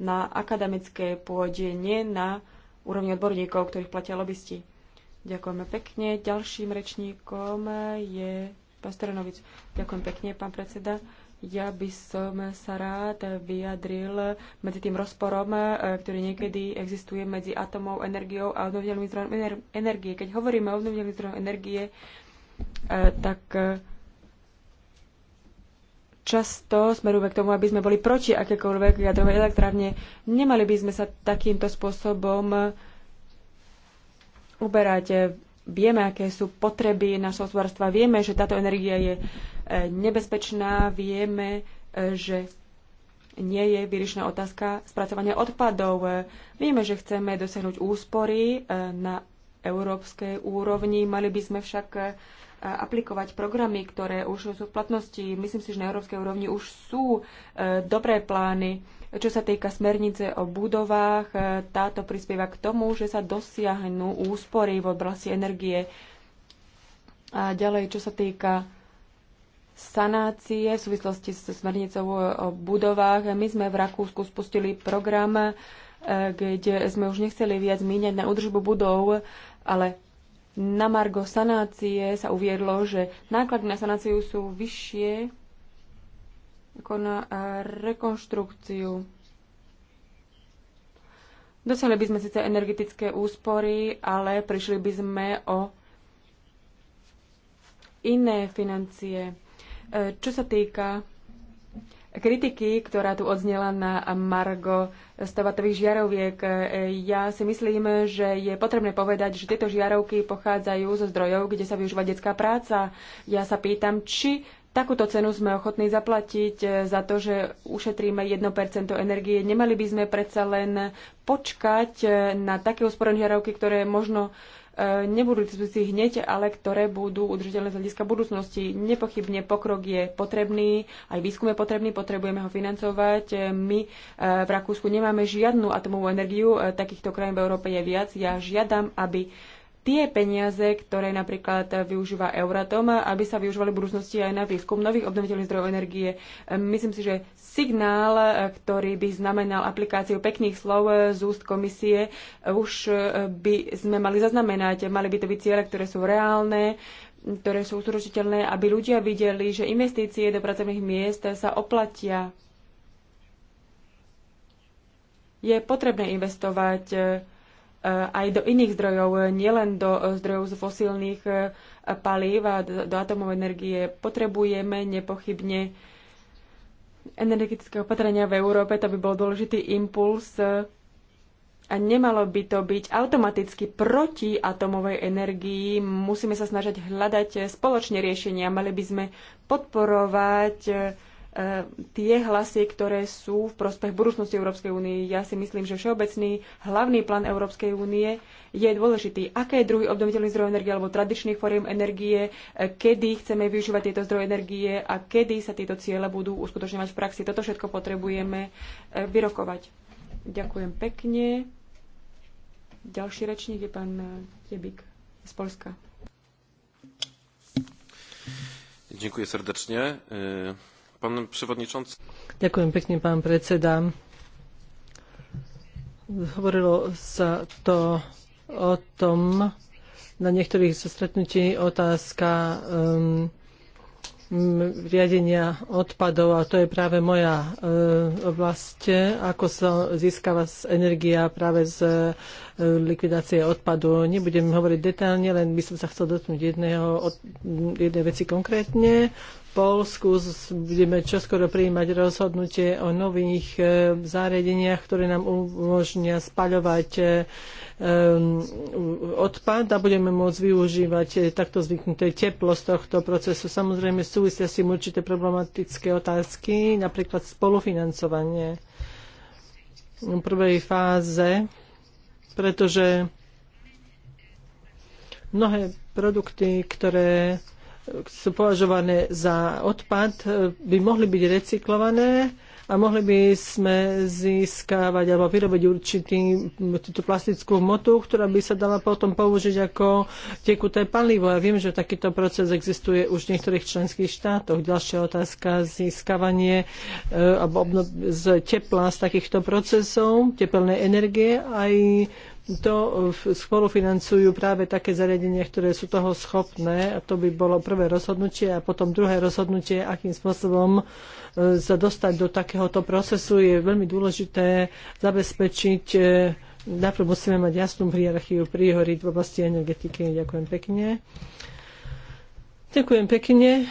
na akademickej pôde, nie na úrovni odborníkov, ktorých platia lobbysti. Ďakujeme pekne. Ďalším rečníkom je pán Stranovič. Ďakujem pekne, pán predseda. Ja by som sa rád vyjadril medzi tým rozporom, e, ktorý niekedy existuje medzi atomov, energiou a obnoviteľným zdrojom energie. Keď hovoríme o obnoviteľných zdrojoch energie, e, tak e, často smerujeme k tomu, aby sme boli proti akékoľvek jadrovej elektrárne. Nemali by sme sa takýmto spôsobom uberať. Vieme, aké sú potreby našho hospodárstva, vieme, že táto energia je e, nebezpečná, vieme, e, že nie je vyriešená otázka spracovania odpadov. Vieme, že chceme dosiahnuť úspory e, na európskej úrovni, mali by sme však aplikovať programy, ktoré už sú v platnosti. Myslím si, že na európskej úrovni už sú e, dobré plány. Čo sa týka smernice o budovách, e, táto prispieva k tomu, že sa dosiahnu úspory v oblasti energie. A ďalej, čo sa týka sanácie v súvislosti s smernicou o budovách, my sme v Rakúsku spustili program, e, kde sme už nechceli viac míňať na údržbu budov, ale na margo sanácie sa uviedlo, že náklady na sanáciu sú vyššie ako na rekonštrukciu. Dosiahli by sme síce energetické úspory, ale prišli by sme o iné financie. E, čo sa týka kritiky, ktorá tu odznela na Margo stavatových žiaroviek. Ja si myslím, že je potrebné povedať, že tieto žiarovky pochádzajú zo zdrojov, kde sa využíva detská práca. Ja sa pýtam, či takúto cenu sme ochotní zaplatiť za to, že ušetríme 1% energie. Nemali by sme predsa len počkať na také usporené žiarovky, ktoré možno nebudú dispozícii hneď, ale ktoré budú udržiteľné z hľadiska budúcnosti. Nepochybne pokrok je potrebný, aj výskum je potrebný, potrebujeme ho financovať. My eh, v Rakúsku nemáme žiadnu atomovú energiu, eh, takýchto krajín v Európe je viac. Ja žiadam, aby tie peniaze, ktoré napríklad využíva Euratom, aby sa využívali v budúcnosti aj na výskum nových obnoviteľných zdrojov energie. Ehm, myslím si, že signál, eh, ktorý by znamenal aplikáciu pekných slov eh, z úst komisie, eh, už by sme mali zaznamenať. Mali by to byť ciele, ktoré sú reálne, ktoré sú uskutočniteľné, aby ľudia videli, že investície do pracovných miest sa oplatia. Je potrebné investovať Eh, aj do iných zdrojov, eh, nielen do eh, zdrojov z fosílnych palív a do atomovej energie. Potrebujeme nepochybne energetické opatrenia v Európe, to by bol dôležitý impuls a nemalo by to byť automaticky proti atomovej energii. Musíme sa snažiť hľadať spoločne riešenia. Mali by sme podporovať E, tie hlasy, ktoré sú v prospech budúcnosti Európskej únie. Ja si myslím, že všeobecný hlavný plán Európskej únie je dôležitý. Aké druhý obnoviteľný zdroj energie alebo tradičných foriem energie, e, kedy chceme využívať tieto zdroje energie a kedy sa tieto ciele budú uskutočňovať v praxi. Toto všetko potrebujeme e, vyrokovať. Ďakujem pekne. Ďalší rečník je pán Tebik z Polska. Dziękuję serdecznie. Pán przewodniczący. Ďakujem pekne, pán predseda. Hovorilo sa to o tom na niektorých stretnutí otázka um, riadenia odpadov a to je práve moja e, oblasť, ako sa získava energia práve z e, likvidácie odpadu. Nebudem hovoriť detálne, len by som sa chcel dotknúť jedného, od, jednej veci konkrétne. Polsku budeme čoskoro prijímať rozhodnutie o nových e, zariadeniach, ktoré nám umožnia spaľovať e, e, odpad a budeme môcť využívať takto zvyknuté teplo z tohto procesu. Samozrejme súvisia s tým určité problematické otázky, napríklad spolufinancovanie v prvej fáze, pretože mnohé produkty, ktoré sú považované za odpad, e, by mohli byť recyklované a mohli by sme získávať alebo vyrobiť určitý, túto plastickú motu, ktorá by sa dala potom použiť ako tekuté palivo. Ja viem, že takýto proces existuje už v niektorých členských štátoch. Ďalšia otázka, získavanie e, alebo obno- z tepla z takýchto procesov, tepelnej energie, aj to eh, spolufinancujú práve také zariadenia, ktoré sú toho schopné a to by bolo prvé rozhodnutie a potom druhé rozhodnutie, akým spôsobom eh, sa dostať do takéhoto procesu je veľmi dôležité zabezpečiť eh, Najprv musíme mať jasnú hierarchiu priorít v oblasti energetiky. Ďakujem pekne. Ďakujem pekne.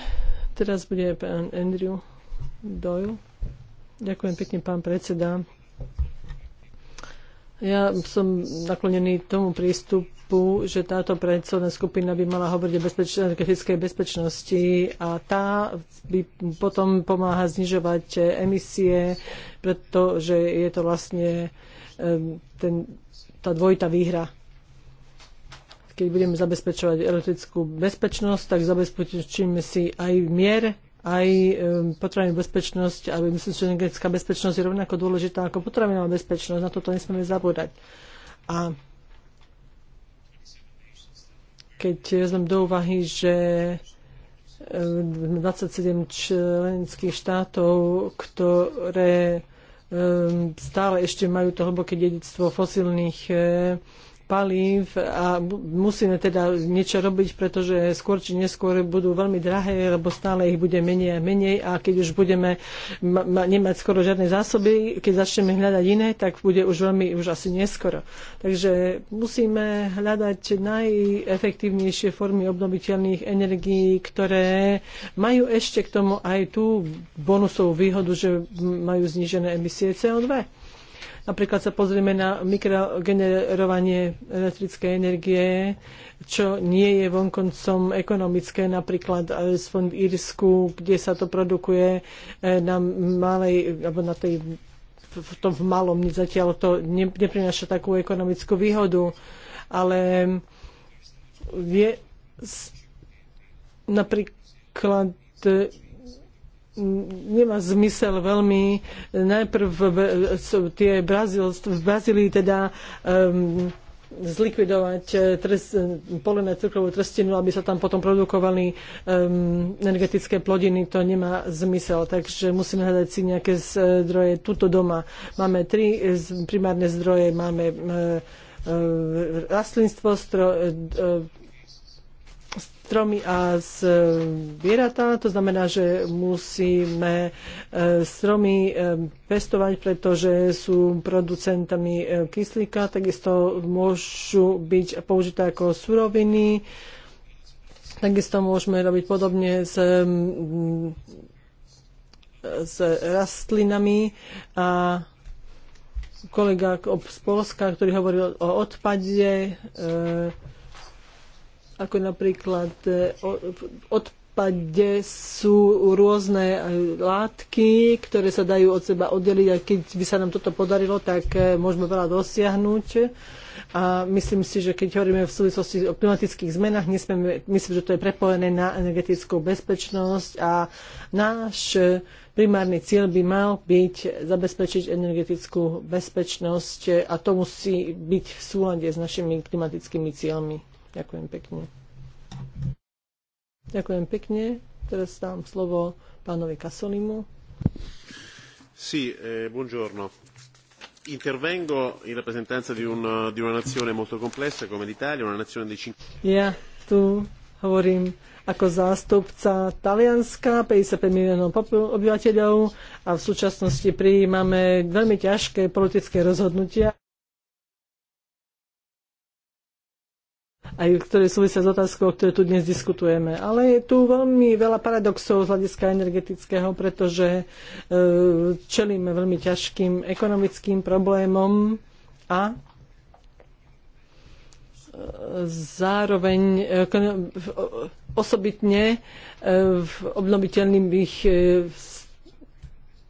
Teraz bude pán Andrew Doyle. Ďakujem pekne, pán predseda. Ja som naklonený tomu prístupu, že táto pracovná skupina by mala hovoriť o bezpeč- energetickej bezpečnosti a tá by potom pomáha znižovať emisie, pretože je to vlastne ten, tá dvojitá výhra keď budeme zabezpečovať elektrickú bezpečnosť, tak zabezpečíme si aj mier aj potravinovú bezpečnosť, ale myslím, že energetická bezpečnosť je rovnako dôležitá ako potravinová bezpečnosť. Na toto nesmieme zabúdať. A keď vezmem do úvahy, že 27 členských štátov, ktoré stále ešte majú to hlboké dedictvo fosílnych palív a musíme teda niečo robiť, pretože skôr či neskôr budú veľmi drahé, lebo stále ich bude menej a menej a keď už budeme ma- ma- nemať skoro žiadne zásoby, keď začneme hľadať iné, tak bude už veľmi, už asi neskoro. Takže musíme hľadať najefektívnejšie formy obnoviteľných energií, ktoré majú ešte k tomu aj tú bonusovú výhodu, že majú znížené emisie CO2. Napríklad sa pozrieme na mikrogenerovanie elektrickej energie, čo nie je vonkoncom ekonomické, napríklad aspoň eh, v Írsku, kde sa to produkuje eh, na malej, alebo na tej v tom v malom, zatiaľ to ne, neprináša takú ekonomickú výhodu, ale je napríklad eh, nemá zmysel veľmi najprv tie Brazíl, v Brazílii teda um, zlikvidovať e, trest, e, polené cukrovú trstinu, aby sa tam potom produkovali um, energetické plodiny, to nemá zmysel. Takže musíme hľadať si nejaké e, zdroje tuto doma. Máme tri primárne zdroje, máme uh, rastlinstvo, stro, uh, stromy a e, zvieratá. To znamená, že musíme e, stromy e, pestovať, pretože sú producentami kyslíka, takisto môžu byť použité ako suroviny. Takisto môžeme robiť podobne s s rastlinami a kolega z Polska, ktorý hovoril o odpade, ako napríklad e, v odpade sú rôzne e, látky, ktoré sa dajú od seba oddeliť a keď by sa nám toto podarilo, tak e, môžeme veľa dosiahnuť. A myslím si, že keď hovoríme v súvislosti o klimatických zmenách, nesmieme, myslím, že to je prepojené na energetickú bezpečnosť a náš primárny cieľ by mal byť zabezpečiť energetickú bezpečnosť a to musí byť v súlade s našimi klimatickými cieľmi. Ďakujem pekne. Ďakujem pekne. Teraz dám slovo pánovi Kasolimu. Sì, eh, buongiorno. Intervengo in rappresentanza di, un, di una nazione molto complessa come l'Italia, una nazione dei cinque... Ja tu hovorím ako zástupca Talianska, 55 miliónov obyvateľov a v súčasnosti prijímame veľmi ťažké politické rozhodnutia. aj ktoré súvisia s otázkou, o ktorej tu dnes diskutujeme. Ale je tu veľmi veľa paradoxov z hľadiska energetického, pretože e, čelíme veľmi ťažkým ekonomickým problémom a e, zároveň e, osobitne e, v obnoviteľných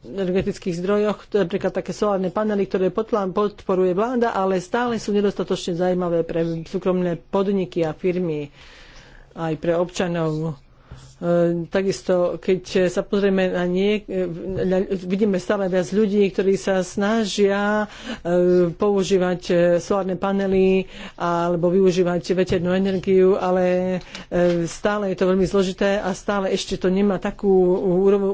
energetických zdrojoch, napríklad také solárne panely, ktoré podporuje vláda, ale stále sú nedostatočne zaujímavé pre súkromné podniky a firmy aj pre občanov. Ehm, takisto, keď sa pozrieme na nie, vidíme stále viac ľudí, ktorí sa snažia ehm, používať e, solárne panely alebo využívať veternú energiu, ale ehm, stále je to veľmi zložité a stále ešte to nemá takú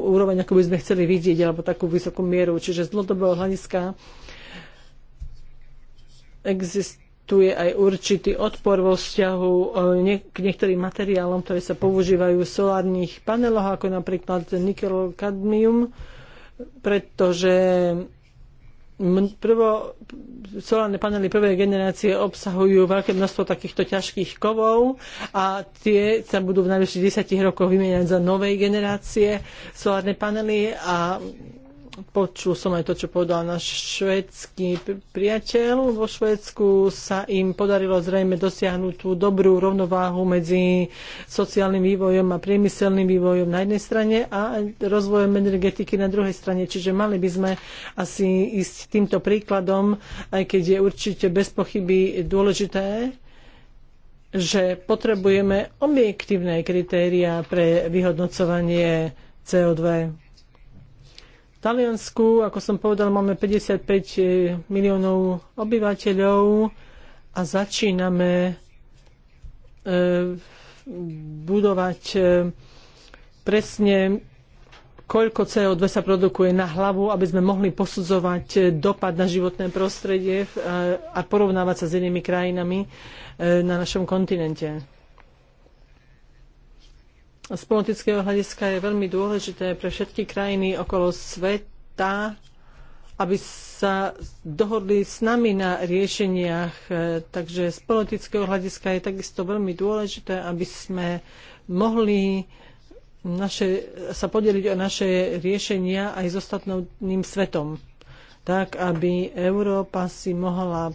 úroveň, ako by sme chceli vidieť, alebo takú vysokú mieru. Čiže z dlhodobého hľadiska existuje tu je aj určitý odpor vo vzťahu e, k niektorým materiálom, ktoré sa používajú v solárnych paneloch, ako napríklad nikel kadmium, pretože prvo, solárne panely prvej generácie obsahujú veľké množstvo takýchto ťažkých kovov a tie sa budú v najbližších 10 rokoch vymieňať za novej generácie solárne panely a počul som aj to, čo povedal náš švedský priateľ. Vo Švedsku sa im podarilo zrejme dosiahnuť tú dobrú rovnováhu medzi sociálnym vývojom a priemyselným vývojom na jednej strane a rozvojom energetiky na druhej strane. Čiže mali by sme asi ísť týmto príkladom, aj keď je určite bez pochyby dôležité, že potrebujeme objektívne kritéria pre vyhodnocovanie CO2 Taliansku, ako som povedal, máme 55 eh, miliónov obyvateľov a začíname eh, budovať eh, presne koľko CO2 sa produkuje na hlavu, aby sme mohli posudzovať dopad na životné prostredie a porovnávať sa s inými krajinami na našom kontinente z politického hľadiska je veľmi dôležité pre všetky krajiny okolo sveta, aby sa dohodli s nami na riešeniach. E, takže z politického hľadiska je takisto veľmi dôležité, aby sme mohli naše, sa podeliť o naše riešenia aj s ostatným svetom, tak aby Európa si mohla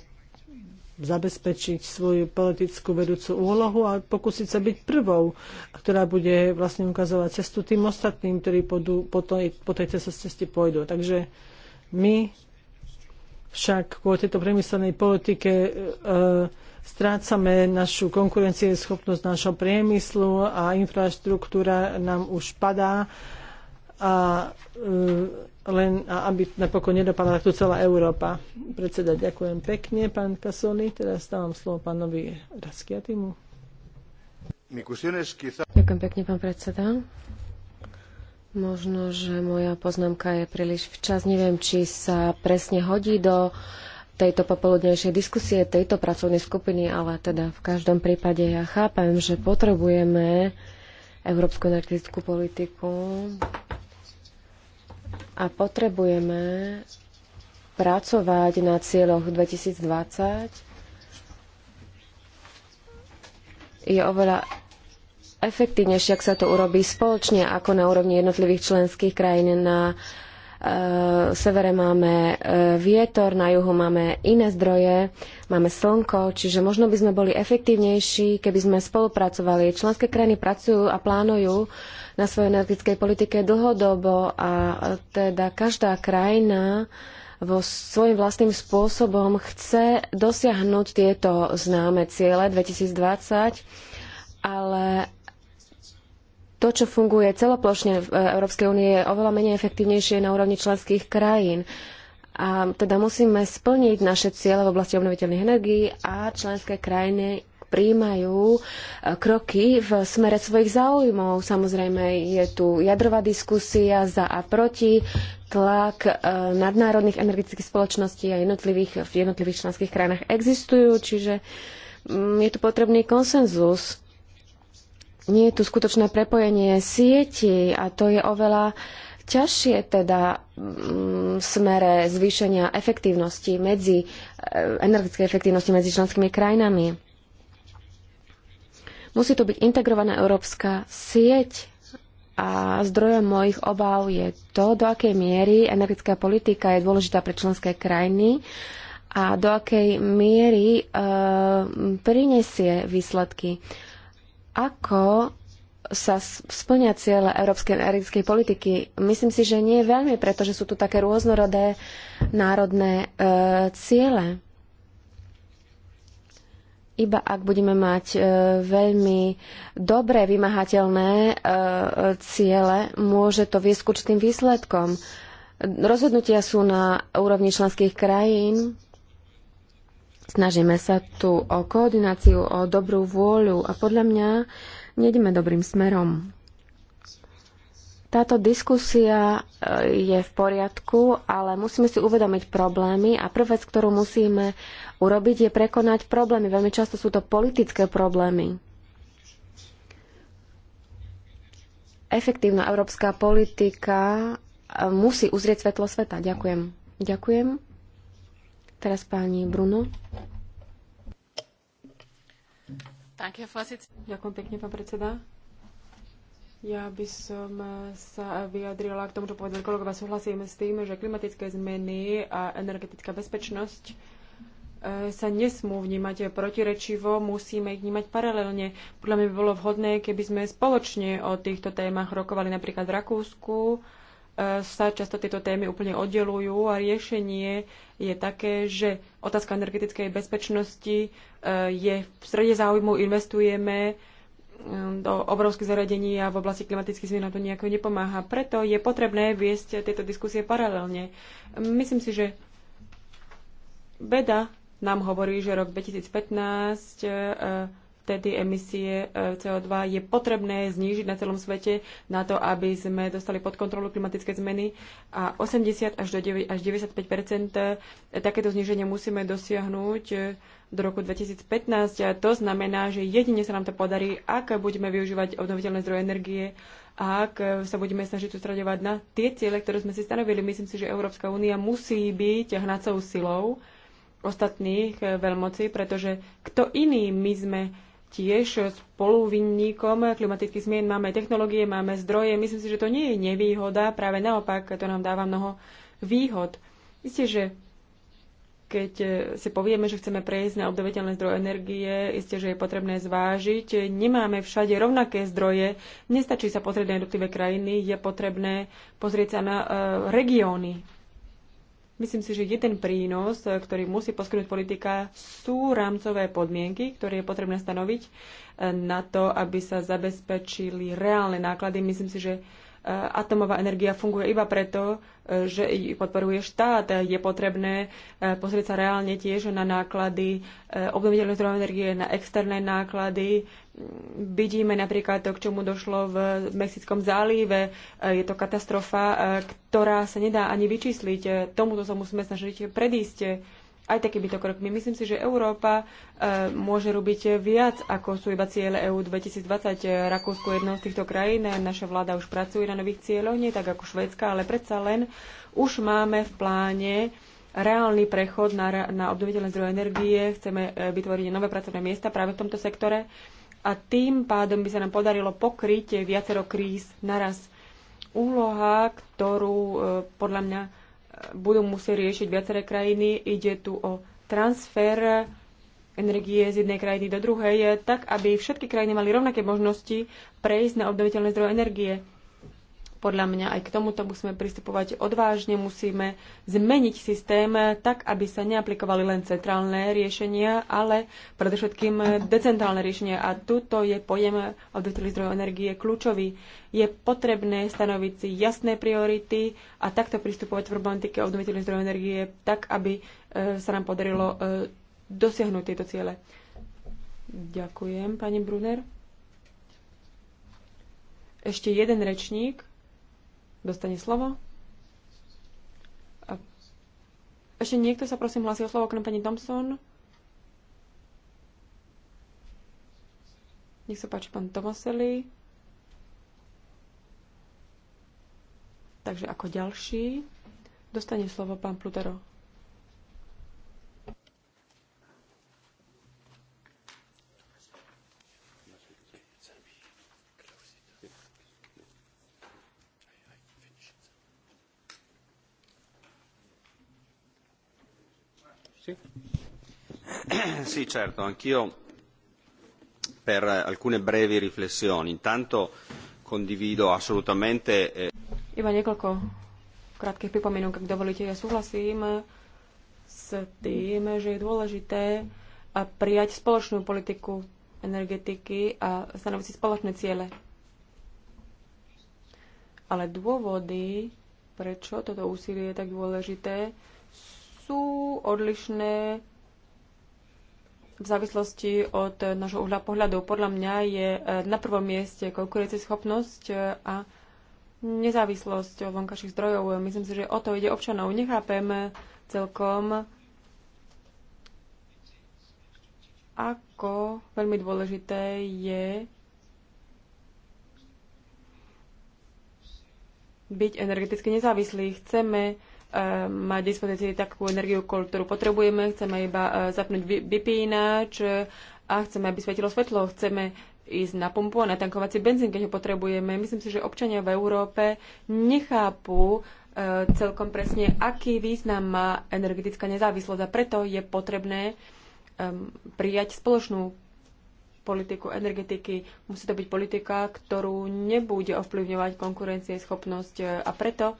zabezpečiť svoju politickú vedúcu úlohu a pokúsiť sa byť prvou, ktorá bude vlastne ukazovať cestu tým ostatným, ktorí pôjdu, po, tej, po tej ceste pôjdu. Takže my však kvôli tejto priemyselnej politike e, strácame našu konkurencieschopnosť našho priemyslu a infraštruktúra nám už padá a e, len aby napokon nedopadla takto celá Európa. Predseda, ďakujem pekne, pán Kasoni. Teraz dávam slovo pánovi Raskiatimu. Ďakujem pekne, pán predseda. Možno, že moja poznámka je príliš včas. Neviem, či sa presne hodí do tejto popoludnejšej diskusie, tejto pracovnej skupiny, ale teda v každom prípade ja chápem, že potrebujeme európsku energetickú politiku, a potrebujeme pracovať na cieľoch 2020. Je oveľa efektívnejšie, ak sa to urobí spoločne ako na úrovni jednotlivých členských krajín na Eh, severe máme eh, vietor, na juhu máme iné zdroje, máme slnko, čiže možno by sme boli efektívnejší, keby sme spolupracovali. Členské krajiny pracujú a plánujú na svojej energetickej politike dlhodobo a eh, teda každá krajina vo svojím vlastným spôsobom chce dosiahnuť tieto známe ciele 2020, ale to, čo funguje celoplošne v e, Európskej únie, je oveľa menej efektívnejšie na úrovni členských krajín. A teda musíme splniť naše ciele v oblasti obnoviteľných energií a členské krajiny príjmajú e, kroky v smere svojich záujmov. Samozrejme je tu jadrová diskusia za a proti, tlak e, nadnárodných energetických spoločností a jednotlivých, v jednotlivých členských krajinách existujú, čiže mm, je tu potrebný konsenzus nie je tu skutočné prepojenie sietí a to je oveľa ťažšie teda mm, v smere zvýšenia efektívnosti medzi, e, energetickej efektívnosti medzi členskými krajinami. Musí to byť integrovaná európska sieť a zdrojom mojich obáv je to, do akej miery energetická politika je dôležitá pre členské krajiny a do akej miery e, prinesie výsledky. E, ako sa splňa ciele európskej energetickej politiky. Myslím si, že nie veľmi, pretože sú tu také rôznorodé národné e, ciele. Iba ak budeme mať e, veľmi dobre vymahateľné e, ciele, môže to viesť k určitým výsledkom. Rozhodnutia sú na úrovni členských krajín, Snažíme sa tu o koordináciu, o dobrú vôľu a podľa mňa nejdeme dobrým smerom. Táto diskusia e, je v poriadku, ale musíme si uvedomiť problémy a prvá vec, ktorú musíme urobiť, je prekonať problémy. Veľmi často sú to politické problémy. Efektívna európska politika e, musí uzrieť svetlo sveta. Ďakujem. Ďakujem. Teraz pani Bruno. Ďakujem pekne, pán predseda. Ja by som sa vyjadrila k tomu, čo povedali kolegovia. Súhlasíme s tým, že klimatické zmeny a energetická bezpečnosť eh, sa nesmú vnímať protirečivo, musíme ich vnímať paralelne. Podľa mňa by bolo vhodné, keby sme spoločne o týchto témach rokovali napríklad v Rakúsku, E, sa často tieto témy úplne oddelujú a riešenie je také, že otázka energetickej bezpečnosti e, je v strede záujmu, investujeme e, do obrovských zariadení a v oblasti klimatických zmien to nejako nepomáha. Preto je potrebné viesť tieto diskusie paralelne. Myslím si, že veda nám hovorí, že rok 2015 vtedy emisie e, CO2 je potrebné znížiť na celom svete na to, aby sme dostali pod kontrolu klimatické zmeny a 80 až, do 9, až 95 e, takéto zníženie musíme dosiahnuť e, do roku 2015. A to znamená, že jedine sa nám to podarí, ak budeme využívať obnoviteľné zdroje energie a ak sa budeme snažiť sústraďovať na tie ciele, ktoré sme si stanovili. Myslím si, že Európska únia musí byť hnacou silou ostatných veľmocí, pretože kto iný my sme tiež spoluvinníkom klimatických zmien. Máme technológie, máme zdroje. Myslím si, že to nie je nevýhoda, práve naopak to nám dáva mnoho výhod. Isté, že keď si povieme, že chceme prejsť na obdoviteľné zdroje energie, isté, že je potrebné zvážiť. Nemáme všade rovnaké zdroje, nestačí sa pozrieť na jednotlivé krajiny, je potrebné pozrieť sa na uh, regióny Myslím si, že jeden prínos, e, ktorý musí poskytnúť politika, sú rámcové podmienky, ktoré je potrebné stanoviť e, na to, aby sa zabezpečili reálne náklady. Myslím si, že E, atomová energia funguje iba preto, e, že ju podporuje štát. Je potrebné e, pozrieť sa reálne tiež na náklady obnoviteľných zdrojov energie, na externé náklady. Mm, vidíme napríklad to, k čomu došlo v Mexickom zálive. Je to katastrofa, ktorá sa nedá ani vyčísliť. Tomuto sa musíme snažiť predísť aj takýmito krokmi. Myslím si, že Európa e, môže robiť viac, ako sú iba ciele EU 2020. Rakúsko je jednou z týchto krajín, naša vláda už pracuje na nových cieľoch, nie tak ako Švédska, ale predsa len už máme v pláne reálny prechod na, na obnoviteľné zdroje energie, chceme e, vytvoriť nové pracovné miesta práve v tomto sektore a tým pádom by sa nám podarilo pokryť viacero kríz naraz. Úloha, ktorú e, podľa mňa budú musieť riešiť viaceré krajiny. Ide tu o transfer energie z jednej krajiny do druhej, tak aby všetky krajiny mali rovnaké možnosti prejsť na obnoviteľné zdroje energie. Podľa mňa aj k tomuto musíme pristupovať odvážne, musíme zmeniť systém tak, aby sa neaplikovali len centrálne riešenia, ale predovšetkým decentrálne riešenia. A tuto je pojem obnoviteľných zdrojov energie kľúčový. Je potrebné stanoviť si jasné priority a takto pristupovať v problematike obnoviteľných zdrojov energie tak, aby e, sa nám podarilo e, dosiahnuť tieto ciele. Ďakujem, pani Brunner. Ešte jeden rečník dostane slovo. A ešte niekto sa prosím hlasí o slovo, okrem pani Thompson. Nech sa páči pán Tomoseli. Takže ako ďalší dostane slovo pán Plutero. sì, certo, anch'io per alcune brevi riflessioni. Intanto condivido assolutamente... Eh, Iba niekoľko krátkych pripomienok, ak dovolíte. Ja súhlasím s tým, že je dôležité prijať spoločnú politiku energetiky a stanoviť si spoločné ciele. Ale dôvody, prečo toto úsilie je tak dôležité, sú odlišné v závislosti od nášho uhla pohľadu. Podľa mňa je eh, na prvom mieste konkurencieschopnosť eh, a nezávislosť od vonkajších zdrojov. Myslím si, že o to ide občanov. Nechápem eh, celkom, ako veľmi dôležité je byť energeticky nezávislí. Chceme Eh, mať dispozícii takú energiu, ktorú potrebujeme. Chceme iba eh, zapnúť vypínač eh, a chceme, aby svetilo svetlo. Chceme ísť na pumpu a natankovať si benzín, keď ho potrebujeme. Myslím si, že občania v Európe nechápu celkom presne, aký význam má energetická nezávislosť a preto je potrebné prijať spoločnú politiku energetiky. Musí to byť politika, ktorú nebude ovplyvňovať konkurencieschopnosť a preto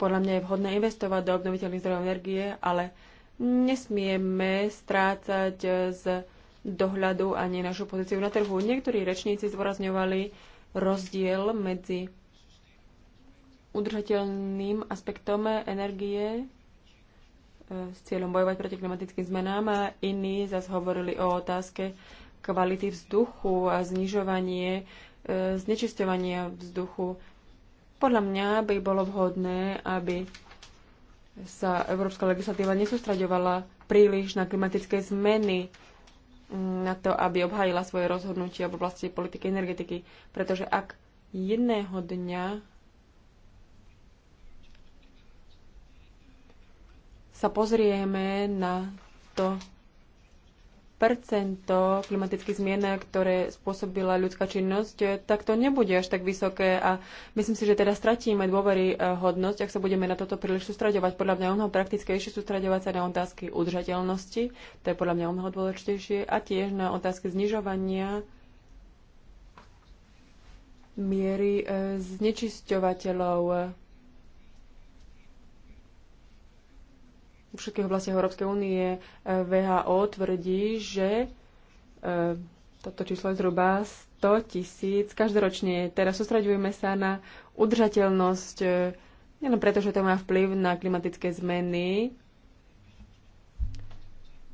podľa mňa je vhodné investovať do obnoviteľných zdrojov energie, ale nesmieme strácať z dohľadu ani našu pozíciu na trhu. Niektorí rečníci zdôrazňovali rozdiel medzi udržateľným aspektom energie e, s cieľom bojovať proti klimatickým zmenám a iní zase hovorili o otázke kvality vzduchu a znižovanie e, znečisťovania vzduchu. Podľa mňa by bolo vhodné, aby sa európska legislatíva nesústraďovala príliš na klimatické zmeny, na to, aby obhájila svoje rozhodnutia v oblasti politiky energetiky. Pretože ak jedného dňa sa pozrieme na to, percento klimatických zmien, ktoré spôsobila ľudská činnosť, tak to nebude až tak vysoké a myslím si, že teda stratíme dôvery eh, hodnosť, ak sa budeme na toto príliš sústraďovať. Podľa mňa mnoho praktickejšie sústraďovať sa na otázky udržateľnosti, to je podľa mňa mnoho dôležitejšie, a tiež na otázky znižovania miery eh, znečisťovateľov v všetkých oblastiach Európskej únie. E, VHO tvrdí, že e, toto číslo je zhruba 100 tisíc každoročne. Teraz sústraďujeme sa na udržateľnosť, e, nielen preto, že to má vplyv na klimatické zmeny,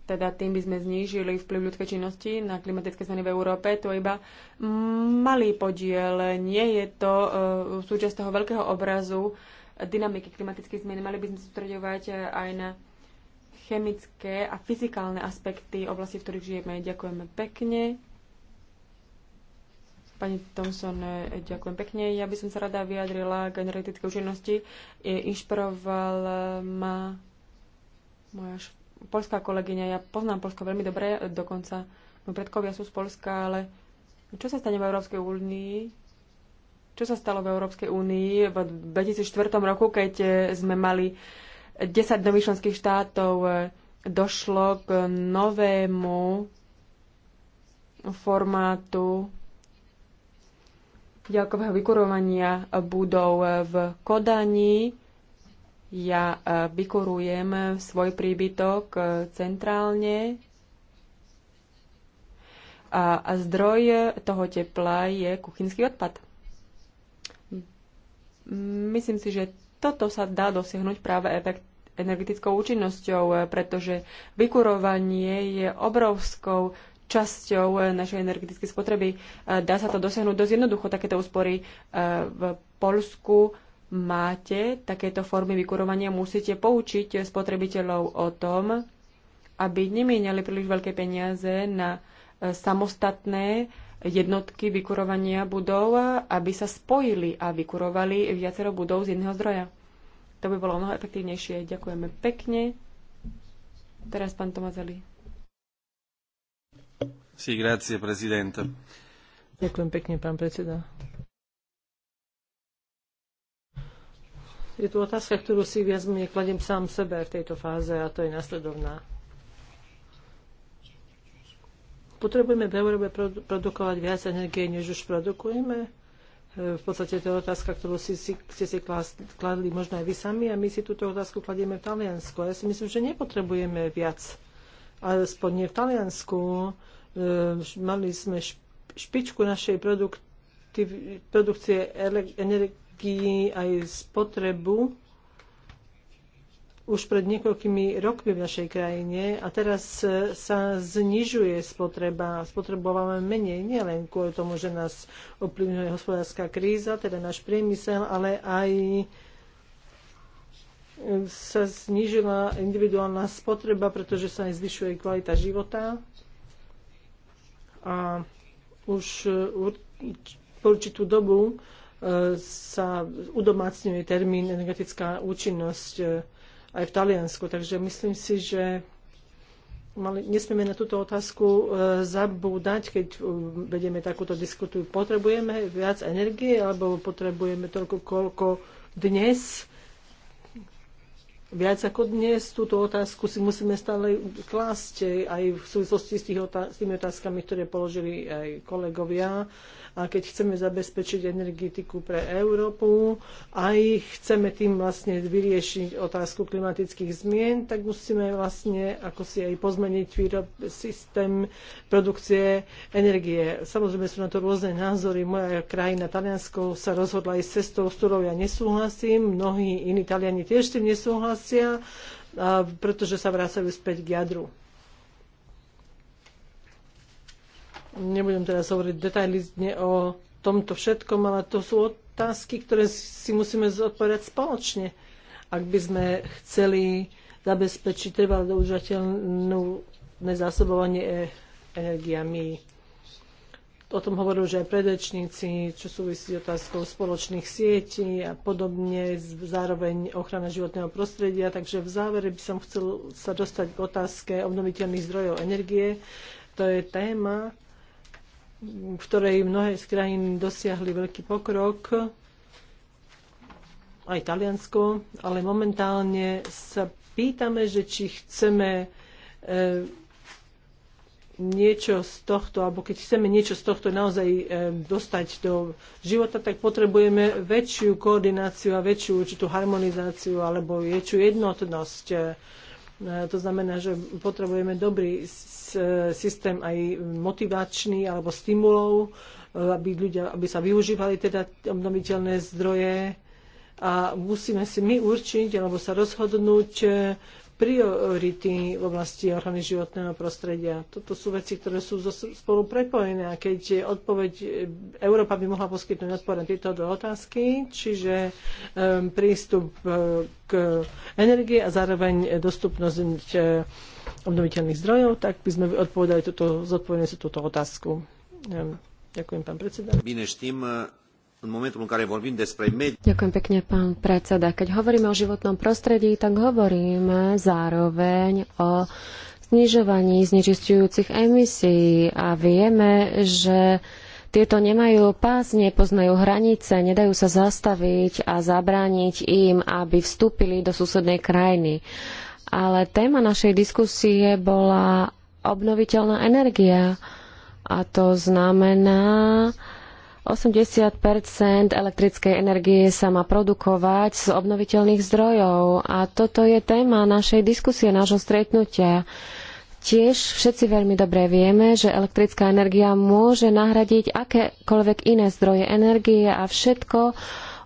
teda tým by sme znížili vplyv ľudskej činnosti na klimatické zmeny v Európe. To je iba malý podiel, nie je to e, súčasť toho veľkého obrazu dynamiky klimatických zmien. Mali by sme sústredovať aj na chemické a fyzikálne aspekty oblasti, v ktorých žijeme. Ďakujeme pekne. Pani Thompson, ďakujem pekne. Ja by som sa rada vyjadrila k energetickej účinnosti. Inšpiroval ma moja polská kolegyňa. Ja poznám Polsko veľmi dobre, dokonca môj predkovia sú z Polska, ale čo sa stane v Európskej únii? Čo sa stalo v Európskej únii v 2004 roku, keď sme mali 10 nových členských štátov e, došlo k novému formátu ďalkového vykurovania budov v Kodani. Ja e, vykurujem svoj príbytok e, centrálne a zdroj toho tepla je kuchynský odpad. Myslím si, že toto sa dá dosiahnuť práve efekt energetickou účinnosťou, e, pretože vykurovanie je obrovskou časťou e, našej energetickej spotreby. E, dá sa to dosiahnuť dosť jednoducho, takéto úspory. V Polsku máte takéto formy vykurovania, musíte poučiť spotrebiteľov o tom, aby nemieniali príliš veľké peniaze na samostatné jednotky vykurovania budov, aby sa spojili a vykurovali viacero budov z jedného zdroja. To by bolo mnoho efektívnejšie. Ďakujeme pekne. Teraz pán Tomazeli. Sí, grazie, prezident. Ďakujem pekne, pán predseda. Je tu otázka, ktorú si viac menej kladiem sám sebe v tejto fáze a to je nasledovná potrebujeme v Európe produkovať viac energie, než už produkujeme? V podstate to je otázka, ktorú si, si, ste si kladli možno aj vy sami a my si túto otázku kladieme v Taliansku. ja si myslím, že nepotrebujeme viac. Alespoň nie v Taliansku. E, mali sme špičku našej produkcie energii aj spotrebu už pred niekoľkými rokmi v našej krajine a teraz e, sa znižuje spotreba. Spotrebovávame menej, nielen kvôli tomu, že nás ovplyvňuje hospodárska kríza, teda náš priemysel, ale aj e, sa znižila individuálna spotreba, pretože sa aj zvyšuje kvalita života. A už e, po určitú dobu sa udomácňuje termín energetická účinnosť aj v Taliansku. Takže myslím si, že mali, nesmieme na túto otázku e, zabúdať, keď e, vedeme takúto diskutu. Potrebujeme viac energie alebo potrebujeme toľko, koľko dnes? Viac ako dnes túto otázku si musíme stále klásť aj v súvislosti s, tých otá- s tými otázkami, ktoré položili aj kolegovia. E, a keď chceme zabezpečiť energetiku pre Európu, aj chceme tým vlastne vyriešiť otázku klimatických zmien, tak musíme vlastne ako si aj pozmeniť výrob, systém produkcie energie. Samozrejme sú na to rôzne názory. Moja krajina Taliansko sa rozhodla aj s cestou, s ktorou ja nesúhlasím. Mnohí iní Taliani tiež s tým nesúhlasia, pretože sa vracajú späť k jadru. Nebudem teraz hovoriť detailne o tomto všetkom, ale to sú otázky, ktoré si musíme zodpovedať spoločne. Ak by sme chceli zabezpečiť trvalé nezásobovanie zásobovanie e- energiami. O tom hovorili už aj predvečníci, čo súvisí s otázkou spoločných sietí a podobne, zároveň ochrana životného prostredia. Takže v závere by som chcel sa dostať k otázke obnoviteľných zdrojov energie. To je téma, v ktorej mnohé z krajín dosiahli veľký pokrok, aj Taliansko, ale momentálne sa pýtame, že či chceme e, niečo z tohto, alebo keď chceme niečo z tohto naozaj e, dostať do života, tak potrebujeme väčšiu koordináciu a väčšiu určitú harmonizáciu alebo väčšiu jednotnosť e, No to znamená, že potrebujeme dobrý systém aj motivačný alebo stimulov, e, aby, ľudia, aby sa využívali teda obnoviteľné zdroje a musíme si my určiť alebo sa rozhodnúť, e, priority v oblasti ochrany životného prostredia. Toto sú veci, ktoré sú spolu prepojené a keď odpoveď Európa by mohla poskytnúť odpoveď na tieto otázky, čiže um, prístup eh, k energii a zároveň dostupnosť eh, obnoviteľných zdrojov, tak by sme odpovedali toto, zodpovedali sa túto otázku. Ďakujem, pán predseda. Ďakujem pekne, pán predseda. Keď hovoríme o životnom prostredí, tak hovoríme zároveň o znižovaní znečistujúcich emisí a vieme, že tieto nemajú pás, nepoznajú hranice, nedajú sa zastaviť a zabrániť im, aby vstúpili do susednej krajiny. Ale téma našej diskusie bola obnoviteľná energia a to znamená, 80 elektrickej energie sa má produkovať z obnoviteľných zdrojov a toto je téma našej diskusie, nášho stretnutia. Tiež všetci veľmi dobre vieme, že elektrická energia môže nahradiť akékoľvek iné zdroje energie a všetko,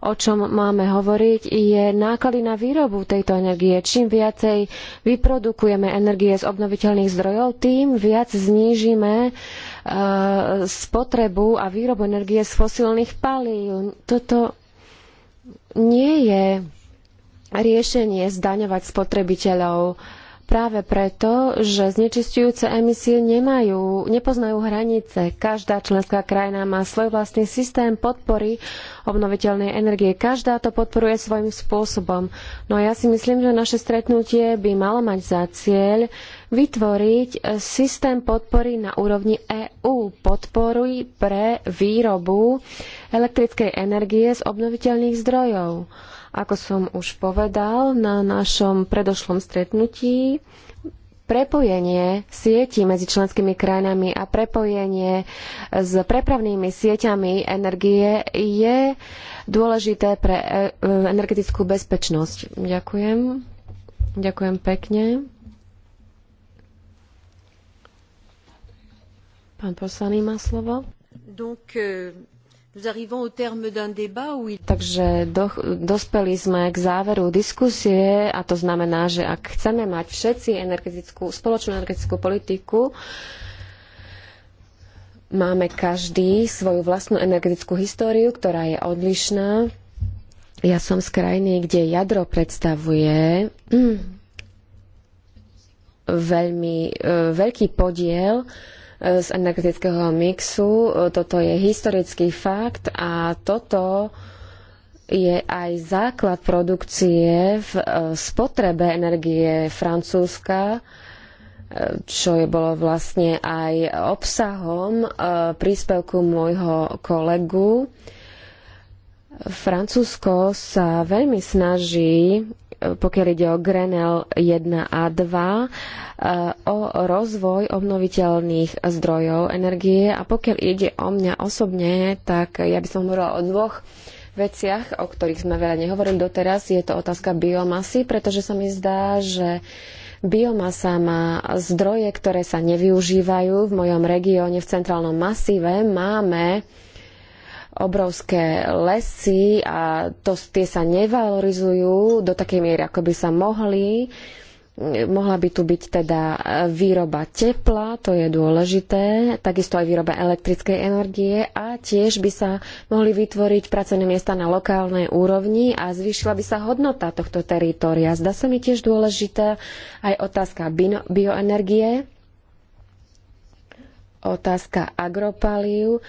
o čom máme hovoriť, je náklady na výrobu tejto energie. Čím viacej vyprodukujeme energie z obnoviteľných zdrojov, tým viac znížime uh, spotrebu a výrobu energie z fosílnych palív. Toto nie je riešenie zdaňovať spotrebiteľov. Uh, práve preto, že znečistujúce emisie nemajú, nepoznajú hranice. Každá členská krajina má svoj vlastný systém podpory obnoviteľnej energie. Každá to podporuje svojím spôsobom. No a ja si myslím, že naše stretnutie by malo mať za cieľ vytvoriť systém podpory na úrovni EÚ, podpory pre výrobu elektrickej energie z obnoviteľných zdrojov. Ako som už povedal na našom predošlom stretnutí, prepojenie sietí medzi členskými krajinami a prepojenie s prepravnými sieťami energie je dôležité pre e, energetickú bezpečnosť. Ďakujem. Ďakujem pekne. Pán poslaný má slovo. Donc, euh... Takže do, dospeli sme k záveru diskusie a to znamená, že ak chceme mať všetci energetickú, spoločnú energetickú politiku, máme každý svoju vlastnú energetickú históriu, ktorá je odlišná. Ja som z krajiny, kde jadro predstavuje mm, veľmi e, veľký podiel E, z energetického mixu. E, toto je historický fakt a toto je aj základ produkcie v e, spotrebe energie Francúzska, čo je bolo vlastne aj obsahom príspevku môjho kolegu. Francúzsko sa veľmi snaží e, pokiaľ ide o Grenel 1 a 2, e, o rozvoj obnoviteľných zdrojov energie. A pokiaľ ide o mňa osobne, tak ja by som hovorila o dvoch veciach, o ktorých sme veľa nehovorili doteraz. Je to otázka biomasy, pretože sa mi zdá, že biomasa má zdroje, ktoré sa nevyužívajú. V mojom regióne, v centrálnom masíve, máme obrovské lesy a to, tie sa nevalorizujú do takej miery, ako by sa mohli. Mohla by tu byť teda výroba tepla, to je dôležité, takisto aj výroba elektrickej energie a tiež by sa mohli vytvoriť pracovné miesta na lokálnej úrovni a zvýšila by sa hodnota tohto teritória. Zdá sa mi tiež dôležitá aj otázka bio bioenergie, otázka agropalív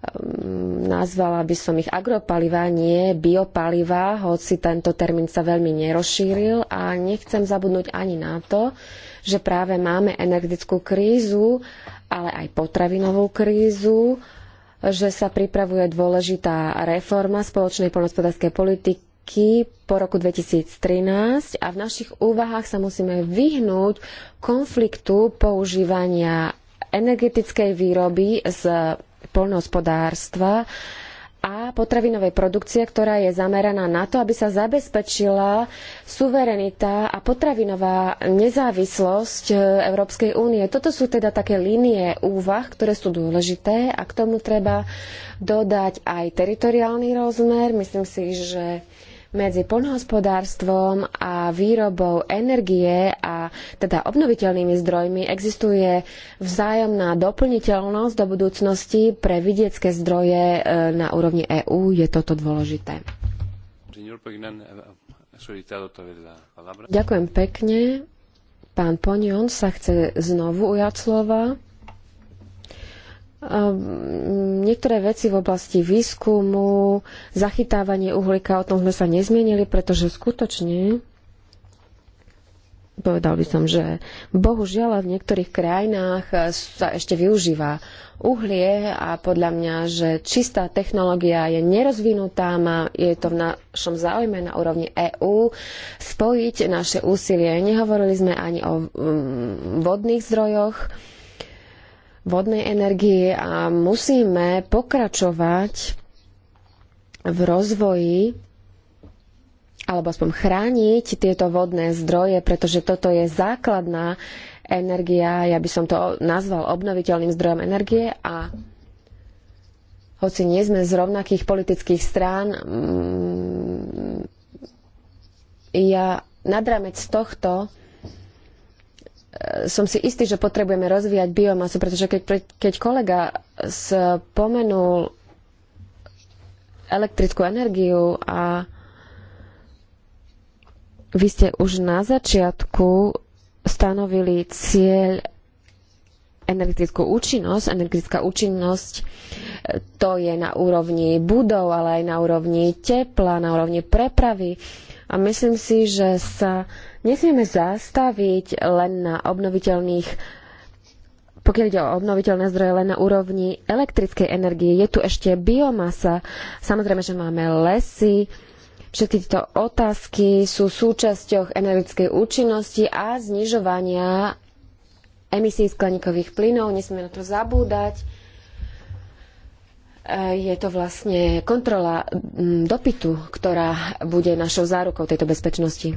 Ehm, nazvala by som ich agropalivá, nie biopalivá, hoci tento termín sa veľmi nerozšíril a nechcem zabudnúť ani na to, že práve máme energetickú krízu, ale aj potravinovú krízu, že sa pripravuje dôležitá reforma spoločnej poľnohospodárskej politiky po roku 2013 a v našich úvahách sa musíme vyhnúť konfliktu používania energetickej výroby s poľnohospodárstva a potravinovej produkcie, ktorá je zameraná na to, aby sa zabezpečila suverenita a potravinová nezávislosť e, Európskej únie. Toto sú teda také línie úvah, ktoré sú dôležité a k tomu treba dodať aj teritoriálny rozmer. Myslím si, že medzi poľnohospodárstvom a výrobou energie a teda obnoviteľnými zdrojmi existuje vzájomná doplniteľnosť do budúcnosti pre vidiecké zdroje e, na úrovni EÚ. Je toto dôležité. Ďakujem pekne. Pán Ponion sa chce znovu ujať slova. Ehm, niektoré veci v oblasti výskumu, zachytávanie uhlíka, o tom sme sa nezmienili, pretože skutočne povedal by som, že bohužiaľ v niektorých krajinách eh, sa ešte využíva uhlie a podľa mňa, že čistá technológia je nerozvinutá, má, je to v našom záujme na úrovni EÚ spojiť naše úsilie. Nehovorili sme ani o mm, vodných zdrojoch, vodnej energie a musíme pokračovať v rozvoji alebo aspoň chrániť tieto vodné zdroje, pretože toto je základná energia, ja by som to nazval obnoviteľným zdrojom energie a hoci nie sme z rovnakých politických strán, mm, ja nad rámec tohto som si istý, že potrebujeme rozvíjať biomasu, pretože keď, keď kolega spomenul elektrickú energiu a vy ste už na začiatku stanovili cieľ energetickú účinnosť. Energetická účinnosť e, to je na úrovni budov, ale aj na úrovni tepla, na úrovni prepravy. Uh, a myslím si, že sa nesmieme zastaviť len na obnoviteľných pokiaľ ide o obnoviteľné zdroje len na úrovni elektrickej energie, je tu ešte biomasa, samozrejme, že máme lesy, všetky tieto otázky sú súčasťou energetickej účinnosti a znižovania emisí skleníkových plynov, nesmieme na to zabúdať. Eh, je to vlastne kontrola mm, dopytu, ktorá bude našou zárukou tejto bezpečnosti.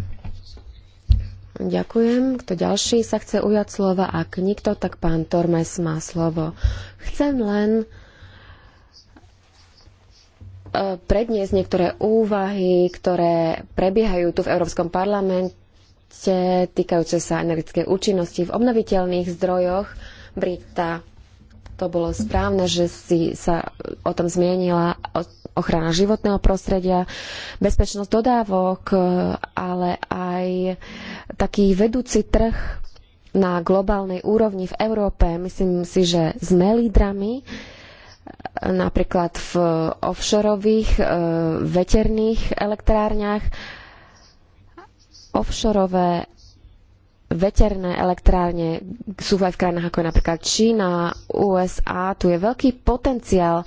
Ďakujem. Kto ďalší sa chce ujať slova? Ak nikto, tak pán Tormes má slovo. Chcem len eh, predniesť niektoré úvahy, ktoré prebiehajú tu v Európskom parlamente týkajúce sa energetickej účinnosti v obnoviteľných zdrojoch. Brita to bolo správne, že si sa o tom zmienila ochrana životného prostredia, bezpečnosť dodávok, e, ale aj taký vedúci trh na globálnej úrovni v Európe. Myslím si, že sme lídrami e, napríklad v offshoreových e, veterných elektrárniach. Offshoreové veterné elektrárne sú aj v krajinách ako je napríklad Čína, USA. Tu je veľký potenciál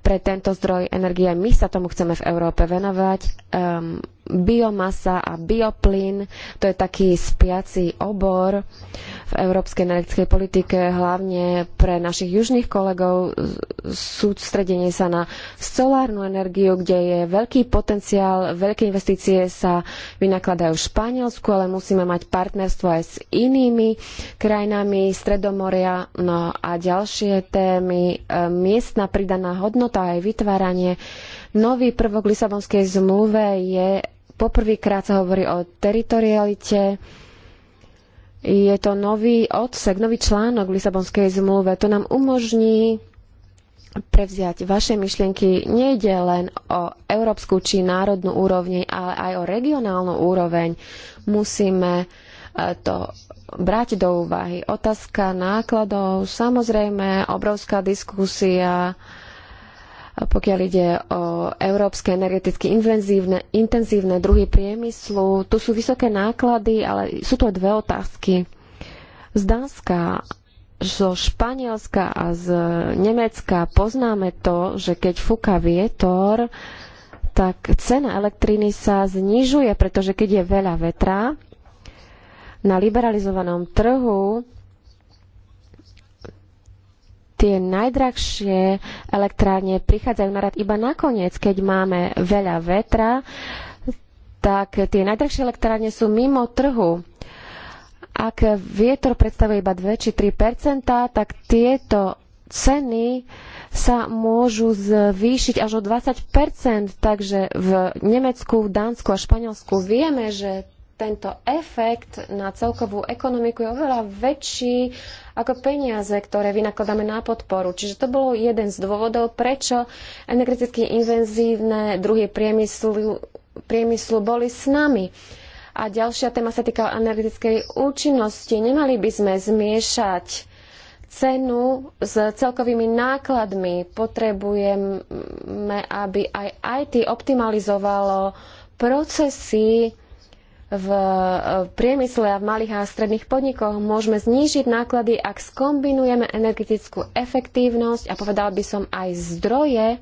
pre tento zdroj energie. My sa tomu chceme v Európe venovať. Um, biomasa a bioplyn. To je taký spiaci obor v európskej energetickej politike, hlavne pre našich južných kolegov sústredenie sa na solárnu energiu, kde je veľký potenciál, veľké investície sa vynakladajú v Španielsku, ale musíme mať partnerstvo aj s inými krajinami Stredomoria no a ďalšie témy. E, miestna pridaná hodnota aj vytváranie nový prvok Lisabonskej zmluve je Poprvýkrát sa hovorí o teritorialite. Je to nový odsek, nový článok v Lisabonskej zmluve. To nám umožní prevziať vaše myšlienky. Nejde len o európsku či národnú úroveň, ale aj o regionálnu úroveň. Musíme e, to brať do úvahy. Otázka nákladov, samozrejme, obrovská diskusia pokiaľ ide o európske energeticky intenzívne druhy priemyslu. Tu sú vysoké náklady, ale sú tu aj dve otázky. Z Dánska, zo Španielska a z Nemecka poznáme to, že keď fúka vietor, tak cena elektriny sa znižuje, pretože keď je veľa vetra, na liberalizovanom trhu tie najdrahšie elektrárne prichádzajú na rad iba nakoniec, keď máme veľa vetra, tak tie najdrahšie elektrárne sú mimo trhu. Ak vietor predstavuje iba 2 či 3 tak tieto ceny sa môžu zvýšiť až o 20 takže v Nemecku, Dánsku a Španielsku vieme, že tento efekt na celkovú ekonomiku je oveľa väčší ako peniaze, ktoré vynakladáme na podporu. Čiže to bolo jeden z dôvodov, prečo energeticky invenzívne druhy priemyslu, priemyslu boli s nami. A ďalšia téma sa týka energetickej účinnosti. Nemali by sme zmiešať cenu s celkovými nákladmi. Potrebujeme, aby aj IT optimalizovalo procesy v e, priemysle a v malých a stredných podnikoch môžeme znížiť náklady, ak skombinujeme energetickú efektívnosť a povedal by som aj zdroje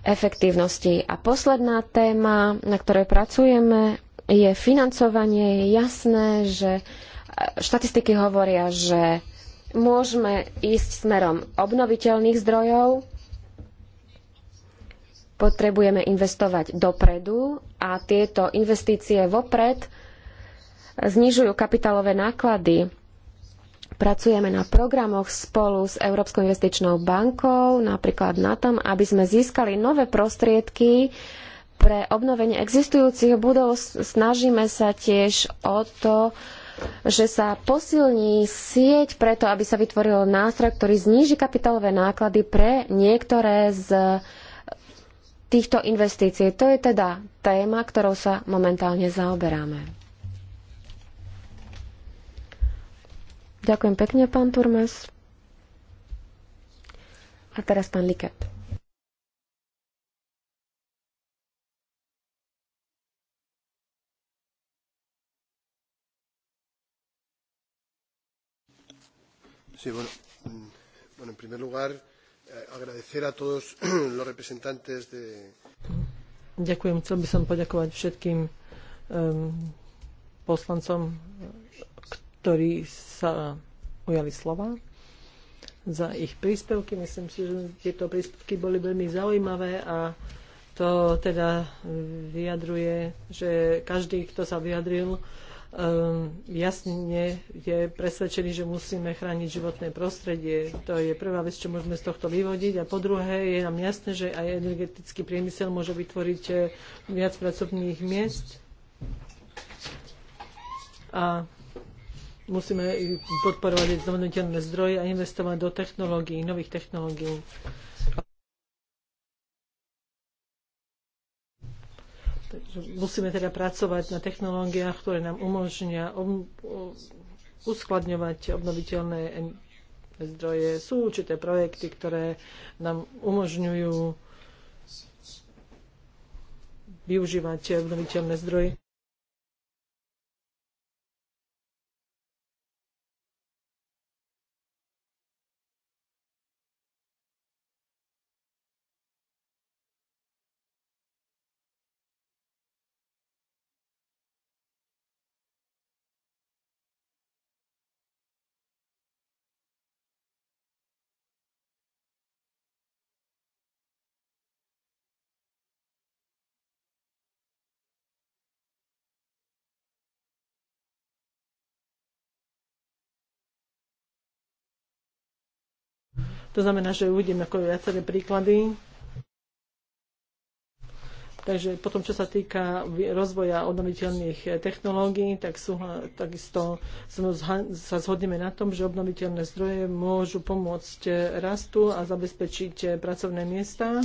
efektívnosti. A posledná téma, na ktorej pracujeme, je financovanie. Je jasné, že e, štatistiky hovoria, že môžeme ísť smerom obnoviteľných zdrojov, potrebujeme investovať dopredu a tieto investície vopred znižujú kapitálové náklady. Pracujeme na programoch spolu s Európskou investičnou bankou, napríklad na tom, aby sme získali nové prostriedky pre obnovenie existujúcich budov. Snažíme sa tiež o to, že sa posilní sieť preto, aby sa vytvoril nástroj, ktorý zníži kapitálové náklady pre niektoré z uh, týchto investícií. To je teda téma, ktorou sa momentálne zaoberáme. Ďakujem pekne, pán Turmes. A teraz pán Liket. Sí, bueno, mm, bueno, en primer lugar, Eh, agradecer a todos los representantes de... Ďakujem. Chcel by som poďakovať všetkým um, poslancom, ktorí sa ujali slova za ich príspevky. Myslím si, že tieto príspevky boli veľmi zaujímavé a to teda vyjadruje, že každý, kto sa vyjadril, Ehm, jasne je presvedčený, že musíme chrániť životné prostredie. To je prvá vec, čo môžeme z tohto vyvodiť. A po druhé, je nám jasné, že aj energetický priemysel môže vytvoriť eh, viac pracovných miest. A musíme podporovať obnoviteľné zdroje a investovať do technológií, nových technológií. musíme teda pracovať na technológiách, ktoré nám umožnia uskladňovať obnoviteľné zdroje. Sú určité projekty, ktoré nám umožňujú využívať obnoviteľné zdroje. To znamená, že uvidíme ako viaceré príklady. Takže potom, čo sa týka rozvoja obnoviteľných eh, technológií, tak súhla, takisto sa zhodneme na tom, že obnoviteľné zdroje môžu pomôcť eh, rastu a zabezpečiť eh, pracovné miesta.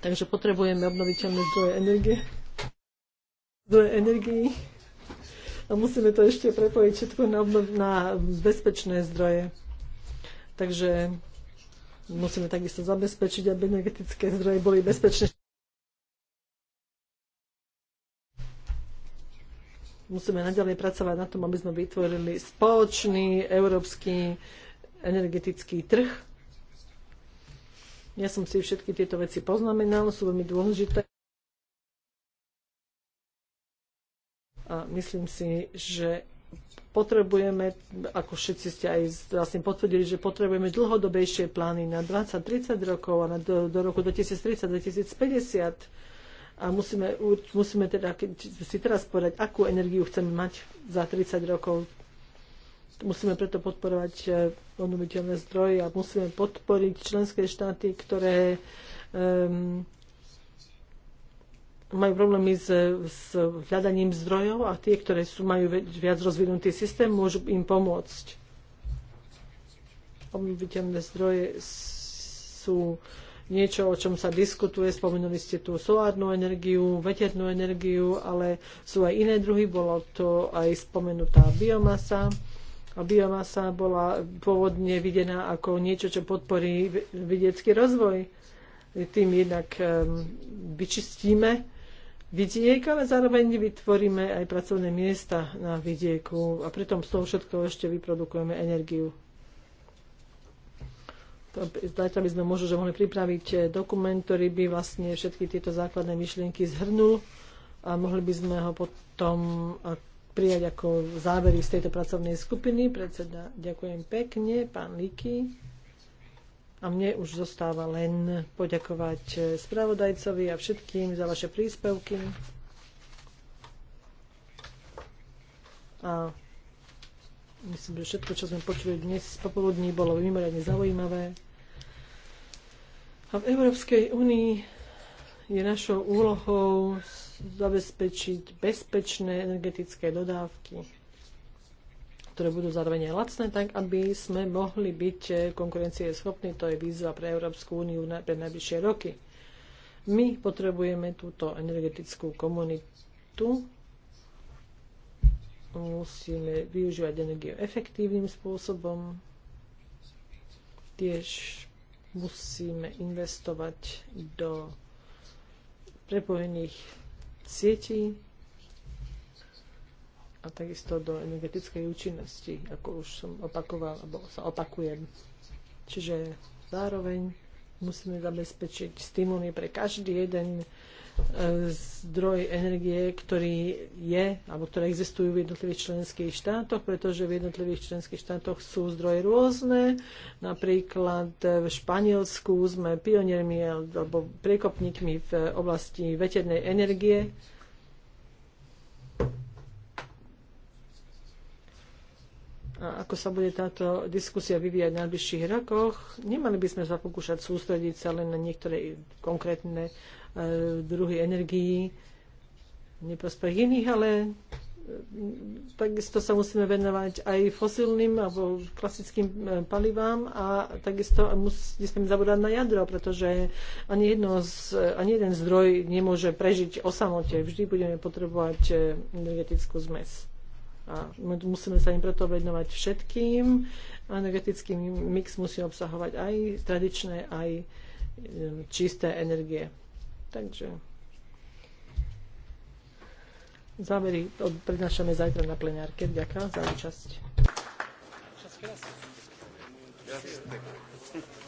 Takže potrebujeme obnoviteľné zdroje energie. Zdroje energii. A musíme to ešte prepojiť všetko na, obnov- na bezpečné zdroje. Takže musíme takisto zabezpečiť, aby energetické zdroje boli bezpečné. Musíme naďalej pracovať na tom, aby sme vytvorili spoločný európsky energetický trh, ja som si všetky tieto veci poznamenal, sú veľmi dôležité. A myslím si, že potrebujeme, ako všetci ste aj vlastne potvrdili, že potrebujeme dlhodobejšie plány na 20-30 rokov a na do, do roku 2030-2050. A musíme, musíme teda si teraz povedať, akú energiu chceme mať za 30 rokov, musíme preto podporovať e, obnoviteľné zdroje a musíme podporiť členské štáty, ktoré um, majú problémy s, s hľadaním zdrojov a tie, ktoré sú, majú viac rozvinutý systém, môžu im pomôcť. Obnoviteľné zdroje sú niečo, o čom sa diskutuje. Spomenuli ste tú solárnu energiu, veternú energiu, ale sú aj iné druhy. Bolo to aj spomenutá biomasa a biomasa bola pôvodne videná ako niečo, čo podporí vidiecký rozvoj. Tým jednak ehm, vyčistíme vidiek, ale zároveň vytvoríme aj pracovné miesta na vidieku a pritom z toho všetko ešte vyprodukujeme energiu. Zajtra by sme možno, že mohli pripraviť eh, dokument, ktorý by vlastne všetky tieto základné myšlienky zhrnul a mohli by sme ho potom prijať ako závery z tejto pracovnej skupiny. Predseda, ďakujem pekne, pán Liky. A mne už zostáva len poďakovať spravodajcovi a všetkým za vaše príspevky. A myslím, že všetko, čo sme počuli dnes popoludní, bolo mimoriadne zaujímavé. A v Európskej únii je našou úlohou zabezpečiť bezpečné energetické dodávky, ktoré budú zároveň aj lacné, tak aby sme mohli byť konkurencieschopní. To je výzva pre Európsku úniu pre najbližšie roky. My potrebujeme túto energetickú komunitu, musíme využívať energiu efektívnym spôsobom, tiež musíme investovať do prepojených sietí a takisto do energetickej účinnosti, ako už som opakoval, alebo sa opakujem. Čiže zároveň musíme zabezpečiť stimuly pre každý jeden E, zdroj energie, ktorý je, alebo ktoré existujú v jednotlivých členských štátoch, pretože v jednotlivých členských štátoch sú zdroje rôzne. Napríklad v Španielsku sme pioniermi alebo priekopníkmi v oblasti veternej energie. ako sa bude táto diskusia vyvíjať v najbližších rokoch. Nemali by sme sa pokúšať sústrediť sa len na niektoré konkrétne e, druhy energií, neprospech iných, ale e, takisto sa musíme venovať aj fosilným alebo klasickým e, palivám a takisto musíme zabúdať na jadro, pretože ani, jedno z, ani jeden zdroj nemôže prežiť o samote. Vždy budeme potrebovať energetickú zmes a musíme sa im preto venovať všetkým. Energetický mix musí obsahovať aj tradičné, aj čisté energie. Takže závery prednášame zajtra na plenárke. Ďakujem za účasť. Ďakujem.